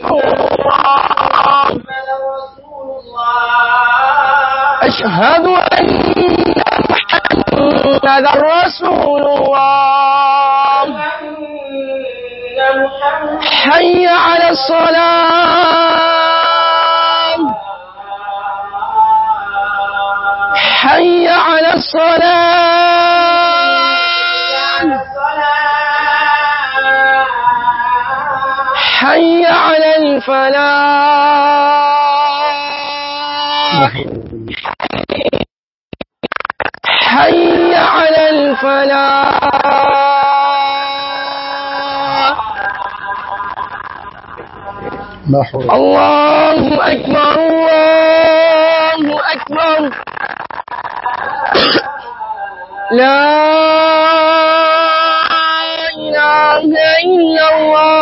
رسول الله أشهد أن محمد رسول الله حي على الصلاة حي على الصلاة حي على فلا حي على الفلاح الله أكبر الله أكبر لا إله إلا الله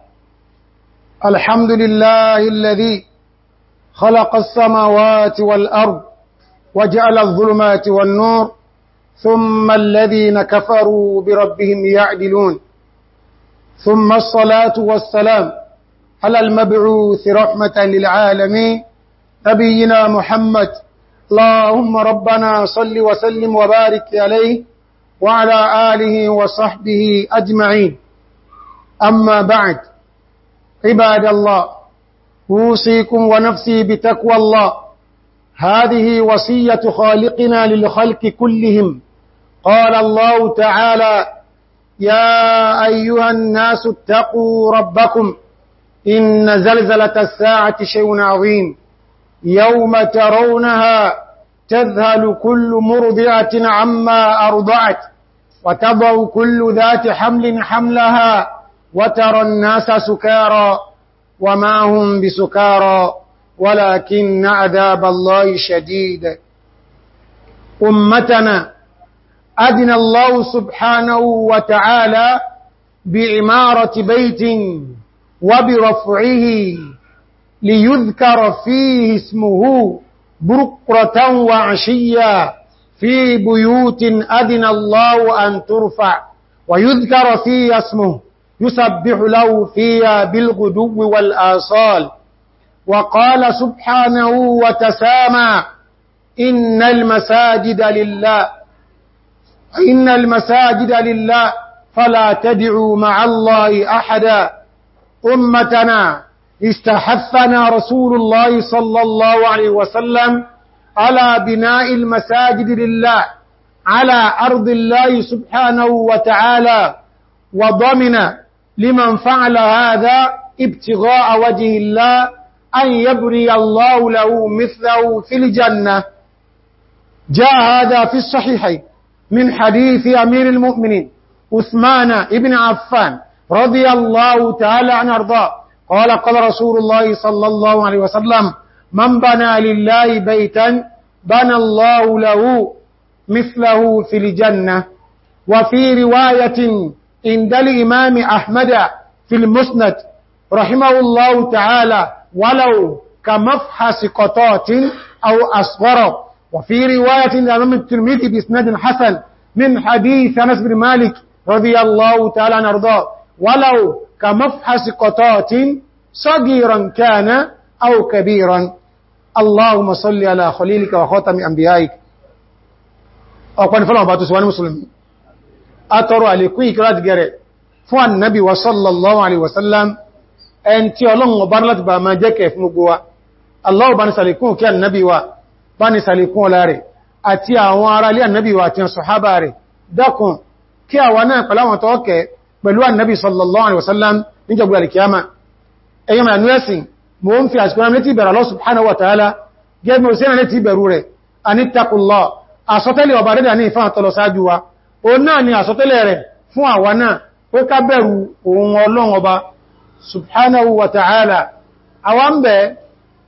الحمد لله الذي خلق السماوات والأرض وجعل الظلمات والنور ثم الذين كفروا بربهم يعدلون ثم الصلاة والسلام على المبعوث رحمة للعالمين نبينا محمد اللهم ربنا صل وسلم وبارك عليه وعلى آله وصحبه أجمعين أما بعد عباد الله أوصيكم ونفسي بتقوى الله هذه وصية خالقنا للخلق كلهم قال الله تعالى يا أيها الناس اتقوا ربكم إن زلزلة الساعة شيء عظيم يوم ترونها تذهل كل مرضعة عما أرضعت وتضع كل ذات حمل حملها وترى الناس سكارى وما هم بسكارى ولكن عذاب الله شديد أمتنا أدنى الله سبحانه وتعالى بعمارة بيت وبرفعه ليذكر فيه اسمه برقرة وعشيا في بيوت أدنى الله أن ترفع ويذكر فيه اسمه يسبح له فيها بالغدو والآصال وقال سبحانه وتسامى إن المساجد لله إن المساجد لله فلا تدعوا مع الله أحدا أمتنا استحفنا رسول الله صلى الله عليه وسلم على بناء المساجد لله على أرض الله سبحانه وتعالى وضمن لمن فعل هذا ابتغاء وجه الله أن يبري الله له مثله في الجنة جاء هذا في الصحيحين من حديث أمير المؤمنين أثمان ابن عفان رضي الله تعالى عن أرضاه قال قال رسول الله صلى الله عليه وسلم من بنى لله بيتا بنى الله له مثله في الجنة وفي رواية عند الإمام أحمد في المسند رحمه الله تعالى ولو كمفحص قطات أو أصغر وفي رواية الأمام الترمذي بإسناد حسن من حديث أنس بن مالك رضي الله تعالى عن أرضاه ولو كمفحص قطات صغيرا كان أو كبيرا اللهم صل على خليلك وخاتم أنبيائك أقول فلان باتوا سواني مسلمين atọrọ àlékún ìkíráti gẹ̀rẹ̀ fún annabi wa sallallahu alaihi wasallam ẹn tí ọlọ́run ọba láti bá máa jẹ́kẹ̀ fún gbogbo wa allahu bá ní sàlékún kí annabi wa bá ní sàlékún ọlá rẹ̀ àti àwọn ará ilé annabi wa àti sọ̀hábà rẹ̀ dákun kí àwa náà pẹ̀láwọn tọ́ọ̀kẹ́ pẹ̀lú annabi sallallahu alaihi wasallam níjọgbé alìkiyama ẹ̀yọ́ mẹ́nu ẹ̀sìn mo ń fi àsìkò rámi létí ìbẹ̀rẹ̀ Allah o náà ni àsọtẹ́lẹ̀ rẹ̀ fún àwa náà pé ká bẹ̀rù ohun ọlọ́run ọba subhanahu wa ta'ala àwa ń bẹ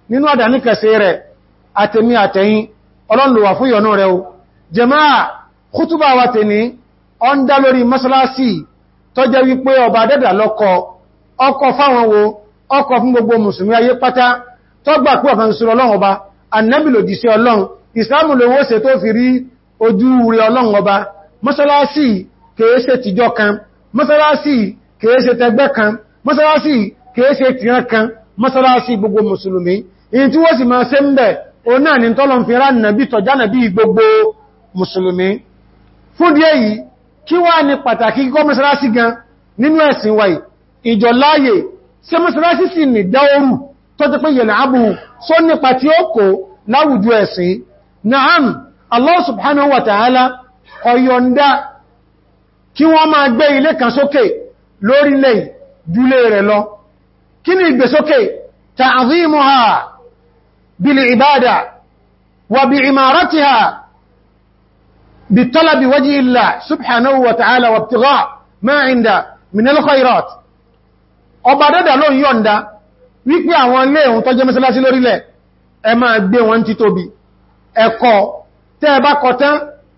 nínú àdáníkẹsẹ̀ rẹ̀ àtẹ̀mí àtẹ̀yìn ọlọ́lọ́wà fún yọ̀nú rẹ̀ o jẹmáà kútùbà wa tè ní ọ́n dá lórí masalasi tó jẹ́ wípé ọba dẹ́dà lọ́kọ ọkọ̀ fáwọn wo ọkọ̀ fún gbogbo musulmi ayé pátá tó gbà pé ọ̀kan ọba annabi lòdì sí ọlọ́run ìsìlámù lówó tó fi ọba mọ́sálásí kèése tìjọ kan mọ́sálásí kèése tẹgbẹ́ kan mọ́sálásí kèése tìran kan mọ́sálásí gbogbo mùsùlùmí in tí wọ́n sì máa ṣe ń bẹ̀ o náà ni tọ́lọ̀ fi rán nàbí tọ̀já nàbí gbogbo mùsùlùmí fún díẹ̀ yìí kí wá ní pàtàkì kíkọ́ mọ́sálásí gan na'am Allah subhanahu wa ta'ala ọ̀yọ̀ndá kí wọ́n máa gbé ilé kan sókè lórílẹ̀ jùlé rẹ̀ lọ kí ni ìgbésókè ta'zimuha bil ibada wa bi imaratiha bi talabi wajhi Allah subhanahu wa ta'ala wa ibtigha ma inda min al-khairat ọba dada ló yọ̀nda wípé máa gbé wọn títóbi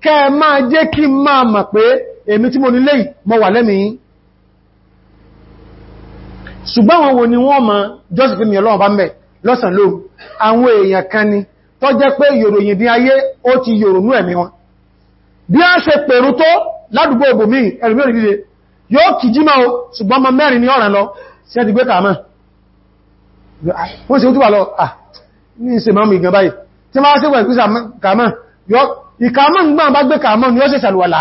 kẹ máa jẹ́ kí máa mọ̀ pé èmi tí mo nílé mọ̀ wà lẹ́mìí ṣùgbọ́n wọn wo ni wọ́n ma jọ́sìfẹ́ mi ọlọ́wọ́ bá mẹ́ lọ́sàn lóòrù àwọn èèyàn kan ni tó jẹ́ pé yòròyìn bí ayé ó ti yòrònú ẹ̀mí wọn bí a ṣe pèrú tó ládùgbò òbòmí ma mẹ́rin ní ọ̀ràn lọ sí ẹ́ ti gbé ah, ah ní ìṣe máa mú ìgbà báyìí tí máa ṣe wẹ̀ ìpísà ìkàmọ́ ń gbọ́n bá gbé kàmọ́ ni ó sì sàlùwàlá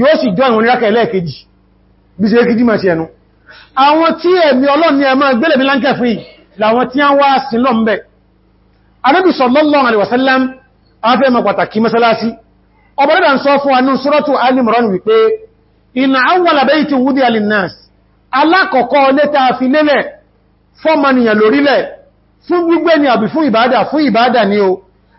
yóò sì jọ ìwọ̀n ìrákẹ̀ ẹlẹ́ẹ̀kejì bí ṣe kí dímọ̀ sí ẹnu àwọn tí ẹ̀mí ọlọ́run ni ẹmọ́ gbẹ́lẹ̀ mi láńkẹ́ fún yìí làwọn tí wá sí lọ́m̀bẹ̀ Ànábì sallallahu alaihi wasallam afẹ́ mọ̀ pàtàkì suratu Ali Imran wípé inna awwala baytin wudi'a linnas alákọ̀ọ́kọ́ lẹ́ta fi lélẹ̀ fọ́mọnìyàn lórílẹ̀ fún gbígbé ni àbí fún ìbádà fún ìbádà ni o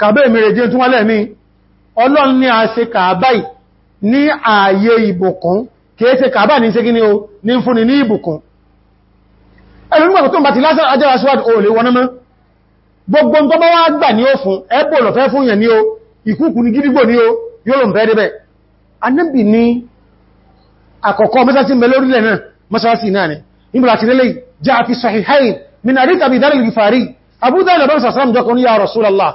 kàbẹ́ ìmìrè jẹ́ tún wálẹ̀ mi ọlọ́run ní a ṣe kàbáì ní ààyè ìbùkún kìí ṣe kàbá ní ṣe gíní o ní fúnni ní ìbùkún ẹlùmọ̀ tó ń bá ti lásán ajẹ́ aṣíwájú o lè wọnamọ́ gbogbo tó bá wá gbà ní ó fún ẹbò lọ̀fẹ́ fún yẹn ní o ìkúkù ní gídígbò ní o yóò lòm fẹ́ débẹ̀ anábì ní ya Rasulullah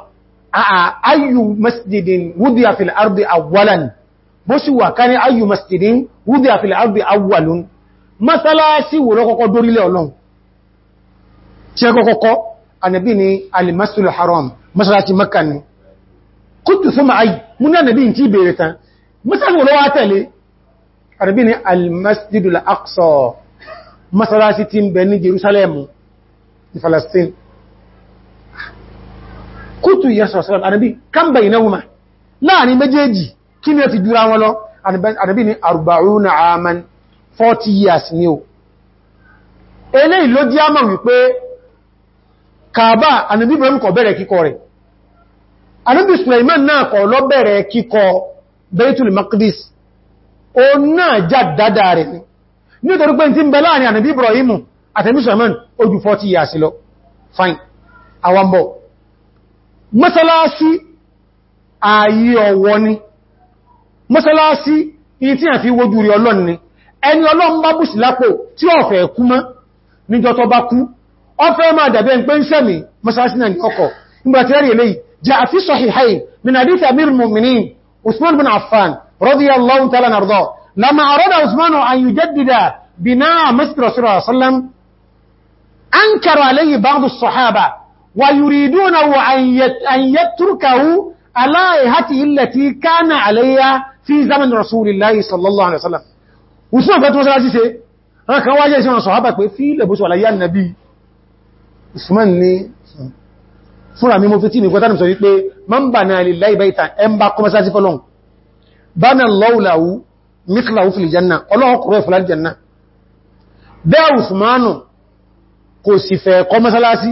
ayyu masjidin wudiya fil ardi awwalan bó sì wà ká ní ayyu masjidin wudiya fil ardi awwalun mọ́sálásí wò ló kọ́kọ́ dórílẹ̀ ọlọ́run tí ẹ kọ́kọ́kọ́ ànàbí ni alimasul haram mọ́sálásí makka ni kútù súnmà ayi mú ní ànàbí tí bèèrè tán mọ́sálásí wò ló wá tẹ̀lé ànàbí ni almasjidul aqsa mọ́sálásí tí ń bẹ ní jerusalem ní falastin kútù yẹsọ̀sọ̀rọ̀ kamba wọn lọ ni aman 40 years kàbá ànábì Ibrahim kò bẹ̀rẹ̀ kíkọ rẹ̀ ànábì Sulaiman náà kò lọ bẹ̀rẹ̀ kíkọ Baitul Maqdis ó náà já dáadáa rẹ̀ nítorí pé tí ń bẹ láàrin ànábì 40 years lọ fine mọ́sálásí ààyè ọ̀wọ̀ ni mọ́sálásí in tí a fi wojú rí ọlọ́n ni ẹni ọlọ́n bá bùsì lápò tí ó fẹ́ kú mọ́ níjọ́ tó bá kú ó fẹ́ máa dàbí ẹn pé ń sẹ́mì mọ́sálásí náà ní ọkọ̀ nígbàtí ويريدونه أن يتركه على هاته التي كان عليها في زمن رسول الله صلى الله عليه وسلم وسنة قد وصل عزيزي أنا كان واجه سنة صحابة في لبس عليا النبي Usman ni fúnra mímọ̀ fi tí mi gbọ́tánù sọ wípé man bana lillahi baytan ẹn bá kọmọ sáàsí fọ́lọ́n bana Allahu lahu mithlahu fil janna ọlọ́wọ́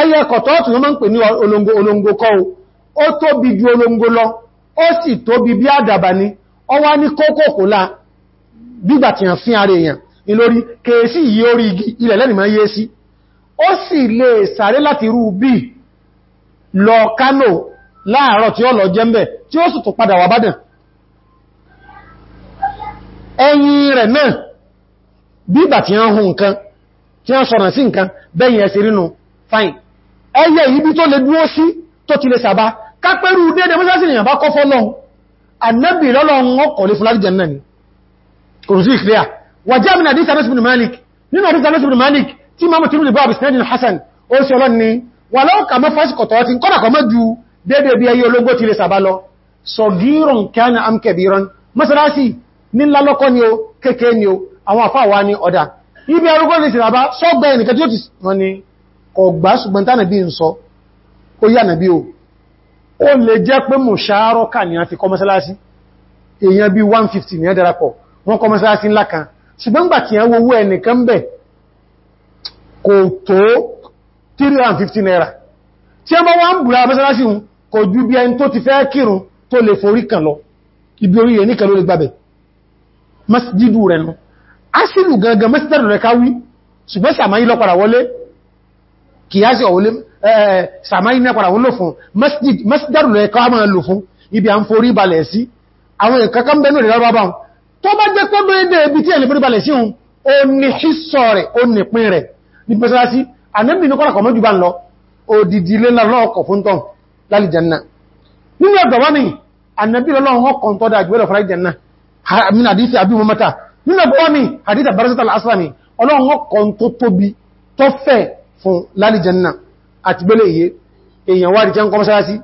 ẹyẹ kọ̀tọ́ọ̀tù wọ́n máa ń pè ní olóngo olóngo kọ́ tó tóbi ju olóngo lọ ó sì tóbi bí àdàbà ní ọwá ní kókòkò láà gbígbà tí a fín ara èèyàn ìlórí kèèsí yìí orí ilẹ̀ lẹ́nì yé sí si bí lọ lọ ìgbà tí nǹkan tí fine ẹyẹ ibi tó lè dúró sí tó ti lè sàbá kápẹ́rù dédé mọ́sásí èèyàn bá kọ́ fọ́lọ́un annabi lọ́lọ́run ọkọ̀ lè fúnlárí ni kòrùsí ìkìlẹ̀ malik nínú àdísà mẹ́sìbìn malik tí máa mọ̀tí rúlẹ̀ bá bisnadin hassan ó sì ọlọ́n ni wà lọ́ọ̀kà mọ́ fásikọ̀ tọ́ ti kọ́nà kọmọ́ ju dédé bí ẹyẹ ológbó ti lè sàbá lọ sọ̀gírùn kánà am kẹbìrán mọ́sálásí ní lálọ́kọ́ ni ó ni ó àwọn tí ó ti wọ́n ni ọgbà ṣùgbọ́n tánà bí n sọ ó yà nà bí o ó lè jẹ́ pé mò ṣàárọ̀ kà ní àti kọmọsálásí èèyàn bí 150 ní ẹ́dẹ̀rapọ̀ wọ́n kọmọsálásí ńlá kan ṣùgbọ́n gbà tí ẹwọ owó ẹnìkan bẹ̀ kò tó 350 naira tí ẹmọ wọ́n bùrá mọ́sálásí hun kò ju bí ẹni tó ti fẹ́ kírun tó lè forí kan lọ ibi orí rẹ̀ níkan ló lè gbàbẹ̀ masjidu rẹ̀ nù asìlù gangan masjidu rẹ̀ káwí ṣùgbọ́n sàmáyí lọ́pàá wọlé kìyàsí ọ̀wọ́lé sàmáyí nẹ́pàdà wọ́n lò fún masjidar lọ ẹ̀kọ́ àmà lò fún ibi à ń forí balẹ̀ sí àwọn ìkankan bẹ̀rẹ̀ lórí rárá báhùn tó bá jẹ́ pọ́dọ̀ ẹ̀dẹ̀ ibi tí ẹ̀lẹ̀ forí balẹ̀ sí hun o ní hìsọ rẹ̀ o ní pín rẹ̀ ní pẹ́sàlásí anẹ́mì ní kọ́lá kọ̀mọ́jú bá ń lọ òdìdí lé lọ́ọ̀kọ̀ fún tọ́ lálì jẹ́nà nínú ẹgbẹ̀ wá ní anẹ́bí lọ́lọ́run ọkàn tọ́dá àjúwẹ́lọ̀ fara jẹ́nà min àdífẹ́ àbí mọ́mọ́ta nínú ẹgbẹ̀ wá ní àdífẹ́ barasatal asrami ọlọ́run ọkàn tó tóbi tó fún lálìjẹ́nà àti gbélé iye èèyàn wà rí jẹ́ ń kọ́ mọ́sálásí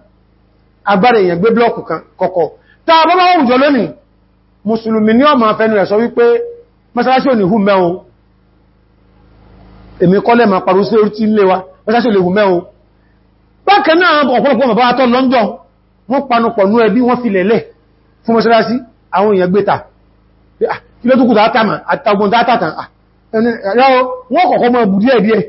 agbára èèyàn gbé blọ́ọ̀kù kan kọ̀kọ̀ tá a bọ́bá òjò lónìí mùsùlùmí ní ọmọ afẹ́nu rẹ̀ sọ wípé mọ́sálásí ò ní hù mẹ́un èmi kọ́lẹ̀ ma parú sí orí tí ń lé wa mọ́sálásí ò lè hù mẹ́un bákan náà ọ̀pọ̀lọpọ̀ bàbá atọ́ lọ́njọ́ wọ́n panupọ̀ nú ẹbí tàátàmà àtàgbọn tàátàtà wọ́n kọ̀kọ́ mọ́ ẹbù díẹ̀díẹ̀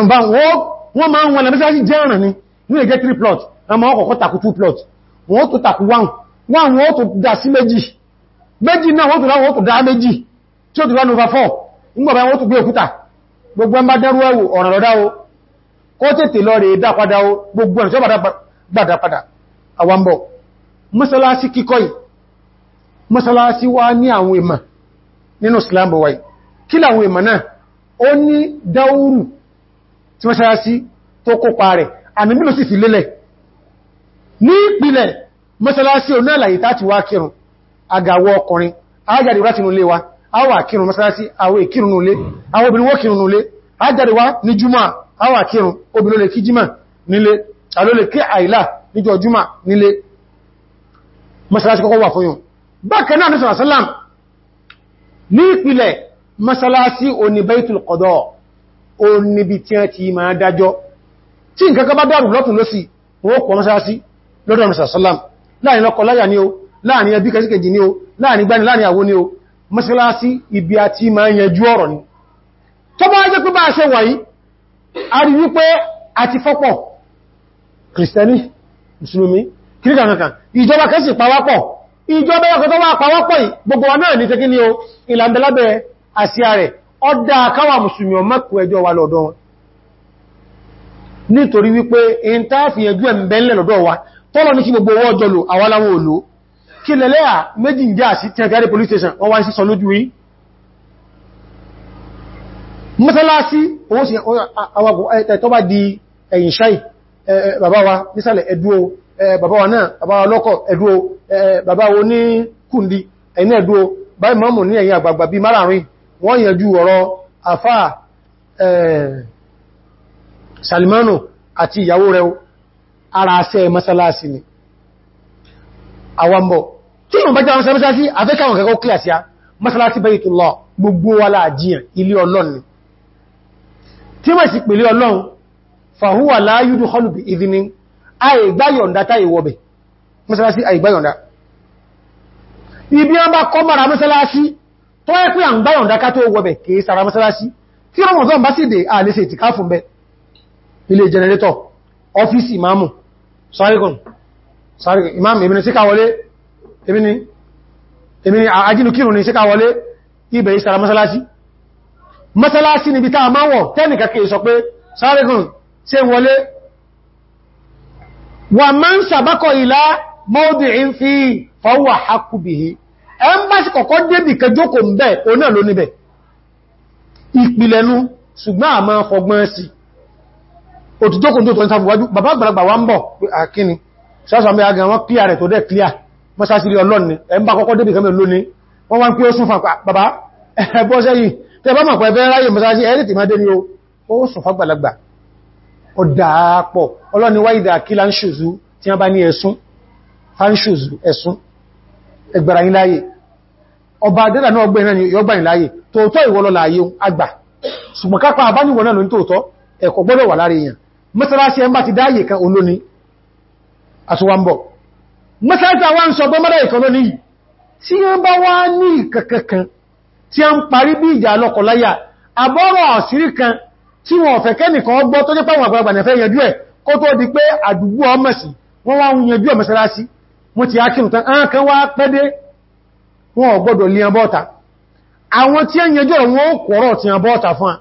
àmbá wọ́n máa ń wọn lẹ́mẹ́sájì jẹ́ ọ̀ràn ni ní ẹgẹ́ 3 plot àmọ́ ọkọ̀kọ́ takù 2 plot wọ́n tó takù 1 wọ́n wọ́n tó dá sí méjì méjì náà wọ́n tó láwọn wọ́n tó dá méjì tí ó ti wá nova 4 ngbọ̀bá wọ́n tó gbé òkúta gbogbo ẹmbá dẹ́rú ẹwù ọ̀ràn lọ́dá o kó tètè lọ rẹ̀ dá padà o gbogbo ẹ̀rẹ̀ tí ó gbàdá padà àwambọ̀ mọ́sálásí kíkọ́ yìí mọ́sálásí wá ní àwọn ìmọ̀ nínú Islam bọ̀wáì kí làwọn ìmọ̀ náà ó ní dáúrù tí wọ́n sára sí tó kópa rẹ̀ àmì mílò sì fi lélẹ̀ ní ìpìlẹ̀ mọ́sálásí oní àlàyé tàti wá kírun àgàwọ ọkùnrin ajáde wá tínú lé wa àwà kírun mọ́sálásí àwọ ìkírun lé àwọn obìnrin wó kírun lé ajáde wá ní júmọ́ àwà kírun obìnrin lè kí jímọ̀ nílé alólè kí àìlà níjọ Qada ó níbi tí a ti máa dájọ́ tí nǹkan kan bá dárù lọ́tún lọ́sì wọ́n kọ̀ mọ́sáàsí lọ́dọ̀ mọ́sá sálàm láàrin lọ́kọ láyà ni o láàrin ẹbí kẹsíkẹjì ni o láàrin gbani láàrin àwo ni o mọ́sálásí ibi a ti máa yanjú ọ̀rọ̀ ni tó bá jẹ́ pé bá ṣe wàyí a rí wípé a ti fọ́pọ̀ kìrìsìtẹ́nì mùsùlùmí kìrìkànkan wà pàwápọ̀ ọdá kawa mùsùlùmí ọmọkù ẹjọ́ wa lọ́dọ̀ wọn nítorí wípé in tá fi ẹjú ẹ̀mẹ́lẹ̀ lọ́dọ̀ wa tọ́lọ ní kí gbogbo owó ọjọ́ àwọ́láwọ́ olò kí lẹ́lẹ́ méjì ń já sí tẹ́gẹ́rẹ́ police station wá sí sọ ní ẹ̀yìn wọ́n yẹjú ọ̀rọ̀ àfá Salmanu àti ìyàwó rẹ̀ ara asẹ́ masalasi ni àwọ̀mbọ̀ tí wọ́n bá jẹ́ àwọn masalasi afẹ́kàwọn kẹ́kọ́ kílàsí a masalasi Baytullah gbogbo wa láàjíyàn ilé Ọlọ́run tí wọ́n sì pèlé Ọlọ́run fàhúwà láyúdú holubi ìdíní àìgbáyọ̀ndá táì wọ́bẹ̀ masalasi àìgbáyọ̀ndá ibi wọ́n bá kọ́ mara masalasi tó ẹ́ pé à ń gbáyàn dáká tó wọ́bẹ̀ kìí sára mọ́sálásí tí Ramadan bá sì dé àlẹ́sẹ̀ ìtìká fún bẹ ilé jẹnẹrétọ̀ ọ́fíìsì ìmáàmù sáríkùn ìmáàmù ìbìnrin síká wọlé ìbìnrin àjínukírùn ní síká wọlé ibẹ̀ ìsára mọ́sálásí mọ́sálásí níbi tá sí ẹmbásí kọ̀kọ́ débì kẹjókò ń bẹ́ oná ló níbẹ̀ ìpìlẹ̀nu ṣùgbọ́n a máa fọgbọ́n sí òtìjókò tó tọ́ ìsáfíwájú bàbá àgbàlagbà wá ń bọ̀ àkíní sásàmì agan wọ́n kíyà rẹ̀ tó dẹ̀ kíyà mọ́sásírí ọlọ́ni ẹmbá kọ́kọ́ débì kẹmẹ́ lóní wọ́n wá ń pí ó sún fàpá bàbá ẹbọ́ sẹ́yìn tẹ́ bá mọ̀pọ̀ ẹbẹ́ ráyè mọ́sásí ẹ̀rì tí má dé ní ó sún fàgbàlagbà ọ̀dàápọ̀ ẹgbẹ̀rẹ̀ ayíláyè ọba adẹ́dà náà gbẹ̀ náà ni yọgbà ìláyè tòótọ́ ìwọlọ́ láàyè àgbà ṣùgbọ́n kápá àbáníwọ̀ náà ló ń tòótọ́ ẹ̀kọ́ gbọ́dọ̀ wà láàrin èèyàn mọ́sálásí ẹmbà ti dáyè kan olóní àtúwàmbọ̀ mọ́sálásí àwọn sọ bọ́mọ́dá ìkan lóní tí wọ́n bá wá ní kankan tí a ń parí bí ìjà lọ́kọláya àbọ́rọ̀ àṣírí kan tí wọ́n fẹ́ kẹ́nìkan gbọ́ tó jẹ́ pàwọn àgbàgbà wọn ò gbọ́dọ̀ lè abọ́ta àwọn tí ń yẹjọ́ wọn ó kọ̀rọ̀ tí abọ́ta fún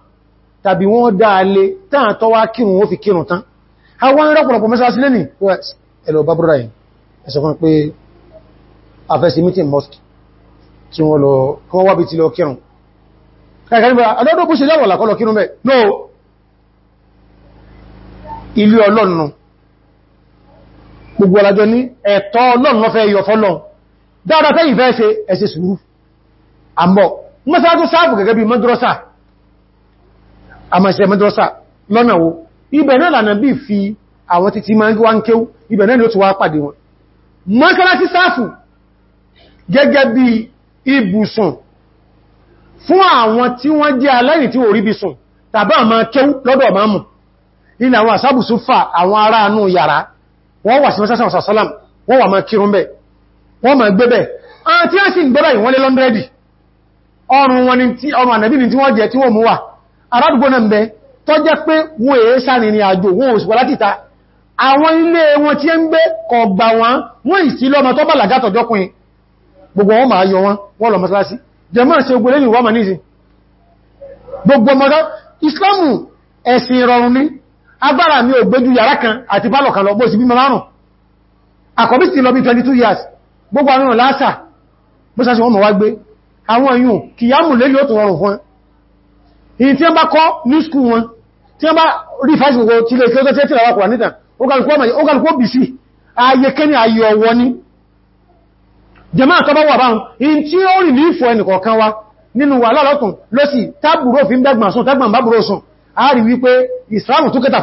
tàbí wọ́n dáalé tààtọ́ wá kírun ó fi kírun tán àwọn rọ́pọ̀lọpọ̀ mẹ́sàásí lẹ́nì ẹ̀lọ bá búrọ̀ yìí ẹ̀sọ̀ kan pé àfẹ́sí mítìn mosque tí wọ́n lọ wọ́n wábi ti ní ẹ̀tọ́ ọlọ́run lọ́fẹ́ yọ fọ́lọ́run dáadáa tẹ́yìn fẹ́ ṣe ẹ̀ṣẹ̀ sùúrù àmọ́ mọ́sánátó sáàbù gẹ́gẹ́ bí mọ́dúrọ́sà àmọ́ṣẹ́ mọ́dúrọ́sà lọ́nà wo ibẹ̀ náà lànà bí fi àwọn títí máa ń wá ń kéw ibẹ̀ náà ni ó ti wá pàdé wọn mọ́sánátí sáàfù gẹ́gẹ́ bí ibùsùn fún àwọn tí wọ́n jẹ́ aláìní tí orí bí sùn tàbí àmà kéw lọ́dọ̀ máàmù ilẹ̀ wọ́n ma gbébẹ̀ àti á sì ń gbébẹ̀ ìwọ́n lé lọ́ndẹ́dì ọrùn wọn ni tí ọrùn ànàbí ni tí wọ́n jẹ tí wọ́n mú wà arádùgbò náà bẹ tó jẹ́ pé wọ́n èé sáàrin àjò wọ́n ò sùwọ́ látìta àwọn ilé wọn tí ń gbé kọgbà wọn wọ́n ìsí lọ́mọ tó bà mi sí lọ bí 22 years gbogbo àwọn lásà bó sá sí wọ́n mọ̀ wá gbé àwọn èèyàn kì yá mù lélẹ́ òtò rọrùn fún èyí tí wọ́n bá kọ́ ní skúl wọn tí wọ́n bá rí fásitì gbogbo tí lè kí ó tẹ́ tẹ́lẹ̀ wákùnrin nítàn ó kàlùkọ́ bì sí ayé kẹ́ni ayé ọwọ́ ní jẹmọ́ àtọ́bọ́ wà báhùn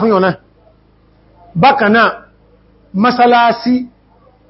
in masalasi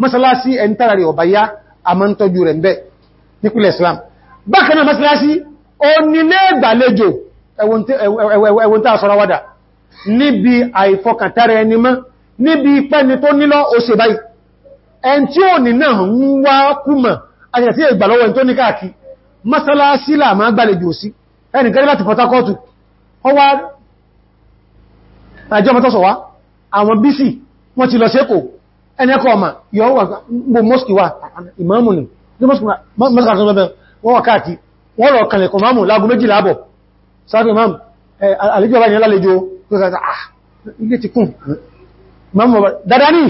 mọ́sálásí ẹni tára rẹ̀ ọ̀bá yá a mọ́ ń tọ́jú rẹ̀ mbẹ́ nípìlẹ̀ Islam bákanáà mọ́sálásí onílé ìgbàlejò ẹwọ́n tàà sọ́rọ̀ wádà níbi àìfọkàntàrẹ ẹni mọ́ níbi pẹ́ni tó nílọ́ oṣè báyìí ẹn tí ó ní náà ń wá kúmọ̀ àti ìgbàlọ́wọ́ ẹni tó ní káàkì mọ́sálásí là máa gbàlejò sí ẹnìkan láti Port àwọn bísì wọ́n ti lọ sí Èkó ẹnẹ́kọ́ ọmọ yọ wà gbogbo mọ́sùkì wà ìmáàmù ni wọ́n wà káàkì wọ́n lọ kànlẹ̀kọ̀ máàmù lágún méjìlá àbọ̀ sáré máàmù àlejò ọba ìyẹn lálejò ah, ilé ti kún máàmù ọba dada ní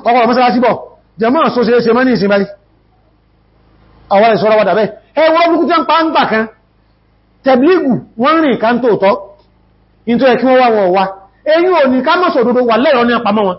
ọkọ̀rọ̀ mọ́sálásí bọ̀ jẹmọ́ àṣọ ṣe ṣe mọ́ní ìsinmi àwọn ìṣọ́rọ̀ wádà bẹ́ ẹ wọ́n burúkú jẹ́ ń pa ń gbà kan tẹ̀blígù wọ́n rìn ká ń tòótọ́ in tó yẹ kí wọ́n wá wọn wá eyín ò ká mọ́sọ̀ òdodo wà lẹ́rọ ní apamọ́ wọn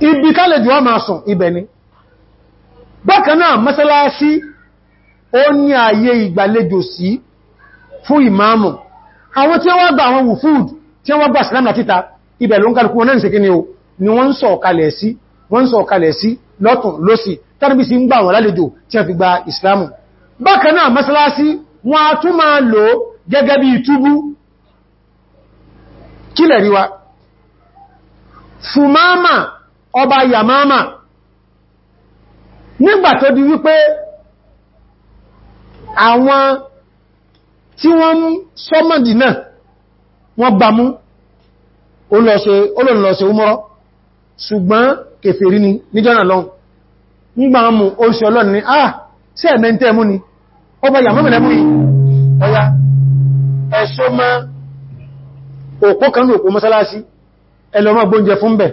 ibi kálẹ̀ jù wá máa sùn ibẹ̀ ni bákanáà mọ́sálásí ó ní ààyè ìgbàlejò sí fún ìmáàmù àwọn tí wọ́n gba àwọn wùfúd tí wọ́n gba sílámà títà ibẹ̀ ló ń kálùkù wọn náà ṣe ni wọ́n ń sọ kalẹ̀ sí wọ́n ń sọ kalẹ̀ sí lọ́tùn lósì tánibí sí ń gbà wọn lálejò tí a fi gba ìsìlámù ọba yamama nígbà tó di wípé àwọn tí wọ́n mú sọ́mọ̀dì náà wọ́n bá mú olóòlọ́sẹ̀ umọ́rọ́ ṣùgbọ́n kèfèrí ni níjọ́nà lọ́n nígbà mú oṣù ọlọ́rin ni ah sí ẹ̀mẹ́ntẹ́ mú ni ọba yamama lẹ́mú yìí ọya ẹ̀ṣọ́ ma òpó kan ní òpó mọ́sálásí ẹlọ́mọ́ gbóúnjẹ fún bẹ̀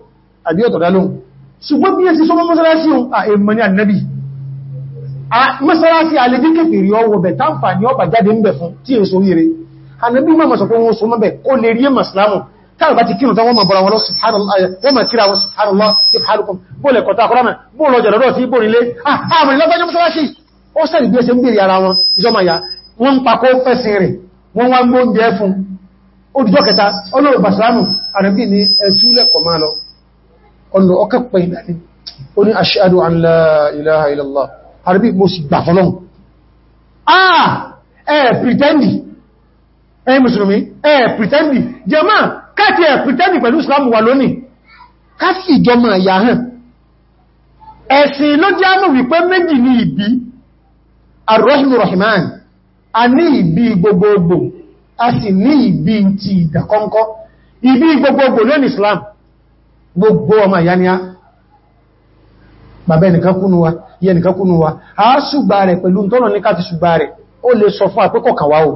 àbí ọ̀tọ̀ dálóhùn ṣùgbọ́n bí ẹsí sọmọ mọ́sálásí ohun àìmọ̀ ní ànẹ́bì mọ́sálásí alẹ́bí kéfèrí ọwọ́ bẹ̀ tánfà ní ọba jáde ń bẹ̀ fún tí èso ríire ànẹ́bí mọ́ sọ pé wọ́n so mọ́bẹ̀ kó lè rí mọ̀sálásí táwọn bá ti kírun tán wọ́n mọ̀ bọ̀rọ̀ wọn subhanallah wọ́n mọ̀ kíra wọn subhanallah tí hálùkùn bóòlẹ̀ kọ̀tà àkọ́lámẹ̀ bóòlọ̀ jẹ̀rọ̀rọ̀ sí bóòlẹ̀ àmì lọ́gbọ́jọ́ mọ́sálásí ó sẹ́rì bí kẹta ọlọ́rọ̀ bàṣámù àrẹ́bí ni ẹ̀túlẹ̀kọ̀ máa lọ ọ̀nà ọkà pẹ̀ ìnáni ó ní ashhadu an la ilaha illallah àríbí mo sì gbà fọ́lọ́n ah ẹ̀ pìtẹ́ndì ẹ̀ mùsùlùmí ẹ̀ pìtẹ́ndì jẹma káàkiri ẹ̀ pìtẹ́ndì pẹ̀lú islam wà lónìí káàkiri ìjọmọ̀ àyà hàn ẹ̀sìn ìbí gbogbogbò lónìí islam gbogbo ọmọ ìyá ni a bàbá ẹnìkan kúnnú wa yẹ ẹnìkan kúnnú wa a ṣùgbà rẹ̀ pẹ̀lú tọ́nà ní káti ṣùgbà rẹ̀ ó lè sọ fún àpẹ́kọ̀ kàwà o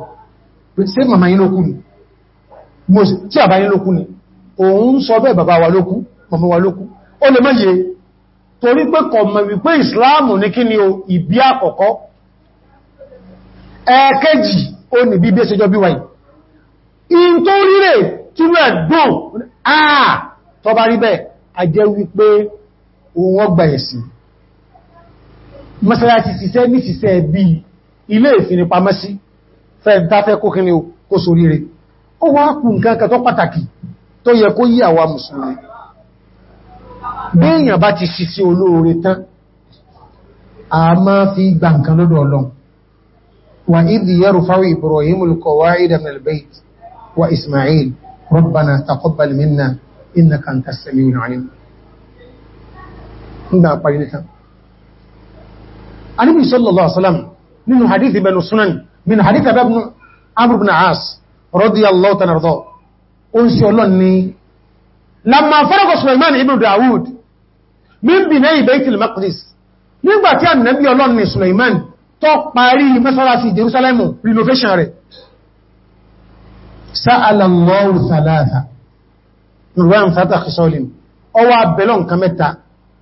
ṣe màmá yín lókú ni tí àbá yín lókú ni òun sọ bẹ́ẹ̀ bàbá wa lókú o ìbí àkọ́kọ́ ẹ̀ẹ̀kejì ó ní bí bí tó rí rẹ̀ tí wọ́n gbọ́n àà tó bá rí bẹ́ẹ̀ a jẹ́ wípé òun ọgbà ẹ̀sìn mọ́sálásí ṣiṣẹ́ ní ṣiṣẹ́ bí ilé ìfinipamọ́sí fẹ́ntafẹ́ kókínlẹ̀ kó sórí rẹ̀ ó wá kù nǹkan kan tó pàtàkì tó yẹ kó yí àwa mùsùlùmí béèyàn bá ti innaka antas sami'ul alim ńgbà parí nìkan anábì sallallahu alaihi wasallam nínú hadith ibn sunan min hadith ibn amr ibn as radiyallahu ta'ala anhu ó ń sí ọlọ́n ni lamma faraqa sulaiman ibn dawud min bina'i baytil maqdis nígbàtí ànàbí ọlọ́n ni sulaiman tó parí mẹ́sọ́lásí jerusalem renovation rẹ̀ sa'alallahu thalatha ìwọ̀n fata kìsọ́lìm ọwọ́ abẹ̀lọ́ nǹkan mẹ́ta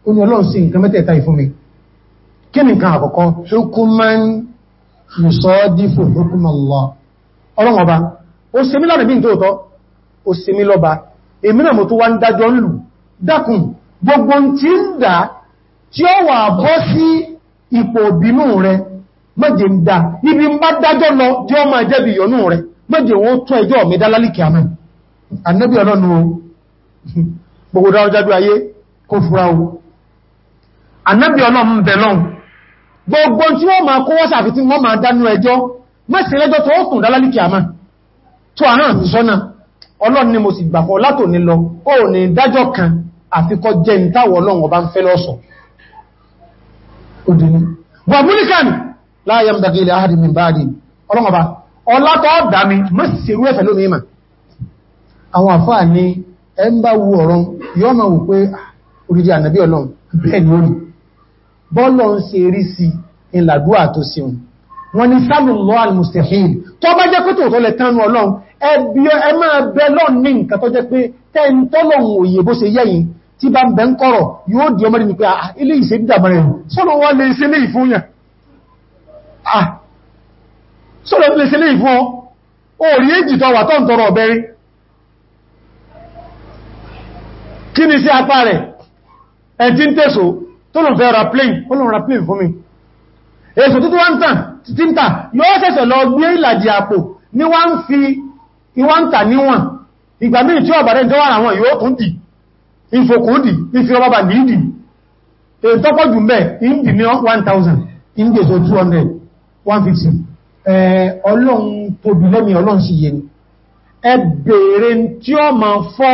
oní ọlọ́run sí nǹkan mẹ́ta ìta ìfún kí ni nǹkan àkọ́kọ́ hukuman musadifu hukumallah ọlọ́run ọba ó ṣe mí lọ́rẹ̀ bí n tóòtọ́ ó ṣe mí lọ́ba èmi náà mo tó wá ń dájọ́ ń lù dákùn gbogbo tí ń dà tí ó wà bọ́ sí ipò òbínú mọ́jẹ̀ ń dá níbi ń bá dájọ́ lọ tí ó máa jẹ́bi yọnú rẹ mọ́jẹ̀ wọ́n tó ẹjọ́ mi dá lálìkì àmì annabi gbogbo dáwọjájú ayé kó fura o annabi ọlọ́run bẹ̀lọ́n gbogbo tí wọ́n máa kó wọ́sàfi tí wọ́n máa dánú ẹjọ́ mẹ́sìn lẹ́jọ́ tó ókùn dálálìkì àmà tó àná àti sọ́nà ọlọ́run ni mo sì gbàfọ́ látò ní lọ ó ní dájọ́ kan àfikọ́ jẹ́ ìtawọ̀ ọlọ́run ọba ẹmbá wu ọ̀rọ̀ yọ́ ma wù pé ah, orílẹ̀ ànàbí ọlọ́run bẹ́ẹ̀ lórí bọ́lọ̀ ń ṣe rí sí ìlàdúwà tó síun wọ́n ni sálùlọ́ almustahil tó bá jẹ́ kótò tó lẹ tánú ọlọ́run ẹbí ẹ máa bẹ lọ́n ní nǹkan tó jẹ́ pé tẹ́ntọ́lọ̀un òye bó ṣe yẹ́yìn tí bá ń bẹ ah, ah, ọ orí èjì tọ́wà tọ́ ọ̀bẹ̀rin kí ni sí apá rẹ̀ ẹ̀tí ń tẹ́sò tó lò fẹ́ ra plane ó lò ra plane fún mi èsò tó tó wá ń tàn tí ń tà yóò sẹ̀sẹ̀ lọ gbé ìlàjì àpò ní wá ń fi ìwá ń tà níwọ̀n ìgbà mí tí ọ̀bàrẹ̀ tó wà àwọn yóò tún dì ìfòkòdì ìfi ọba bà ní ìdì ètọ́pọ̀ jù mẹ́ ìdì ní 1000 ìgbèsò 200 150 ọlọ́run tóbi lẹ́mi ọlọ́run sí yẹni ẹ bèèrè tí ọ ma fọ́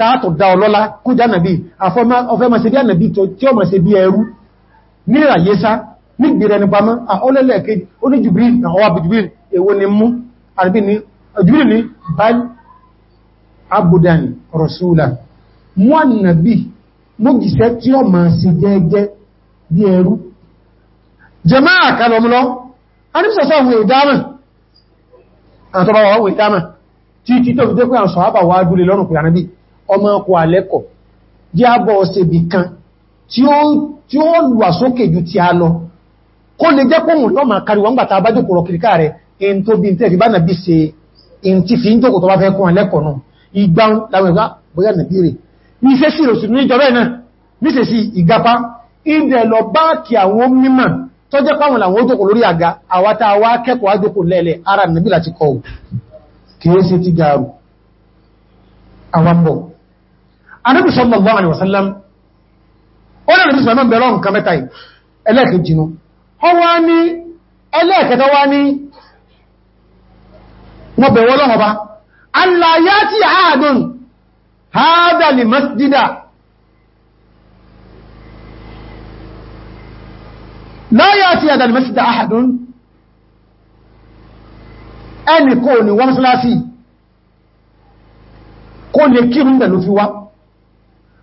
tààtò dá ọlọ́lá kú já nàbí ọfẹ́ ma ṣe bí ànàbí tí ó ma ṣe bí ẹrú ní ìràyésá ní gbèrè ní pamọ́ àọ́lẹ́lẹ́kẹ́ oní Jibril àwọn àbí Jibril èwo ni mú àrẹ́bí ni Jibril ni bal abudan rasula mú ànàbí lójíṣẹ́ tí ó ma ṣe gẹ́gẹ́ bí ẹrú jẹmáà kalọmọlọ anípsọ̀sọ̀ àwọn ìdámà àtọ́bàwà àwọn ọmọ ọkọ̀ alẹ́kọ̀ jẹ́ àbọ̀ ọ̀sẹ̀bì kan tí ó lùwà sókè jù ti a lọ kó lè jẹ́ pọ̀ mùn lọ́mà kariwọ́ ń gbàtà abájòkò rọ̀ kìríkà rẹ̀ in tó bí tẹ́ ìbá nàbí se in ti fi ń jòkò tó bá fẹ́ kún alẹ́kọ̀ náà ìgbàun láwọn ẹ̀gbá ah, bóyá nàbí rẹ̀ ní iṣẹ́ sí ìrọ̀sùn ní ìjọba ẹ̀nà níṣẹ́ sí ìgapa ìdẹ̀ àwọn bọ̀ anábì sallallahu alaihi wasallam ó lè rí sọ́lọ́mọ́ bẹ̀rọ nǹkan mẹ́ta yìí ẹlẹ́ẹ̀kejìnú ẹlẹ́ẹ̀kẹta wá ní wọ́n bẹ̀wọ́ lọ́wọ́ bá Allah yati àádùn hádà lè masjida la yati hádà lè masjida àádùn ẹni kò ní wọ́n sílásì kò lè kírùn-ún pẹ̀lú fi wá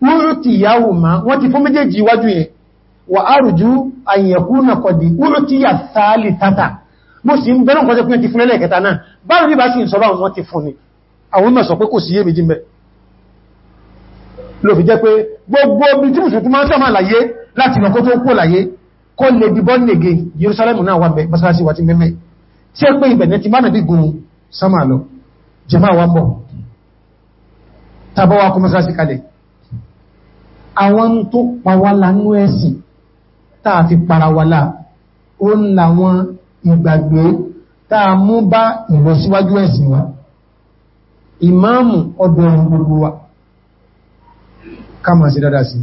múrùtí ìyàwó ma wọ́n ti fún méjèèjì iwájú yẹn wà árùjú àyẹ̀kúnà kọ̀dì múrùtí yà sáàlì tátà mo sì ń bẹ̀rún kọjẹ́ fún ti fún ẹlẹ́ẹ̀kẹta náà báwọn ní bá sì ń sọ báwọn wọ́n ti fún ni àwọn mẹ́sọ̀ pé kò sí yé méjì mẹ́ ló fi jẹ́ pé gbogbo omi tí mùsùn tó máa ń sọ́mà láyé láti lọ kó àwọn tó pàwàlà ní ẹ̀sìn táà fi parawàlà ó ń làwọn ìgbàgbé táà mú bá ìlọsíwájú ẹ̀sìn wa ìmáàmù ọdọ̀ ọ̀rùn gbogbo wa kàmà sí dáadáa sí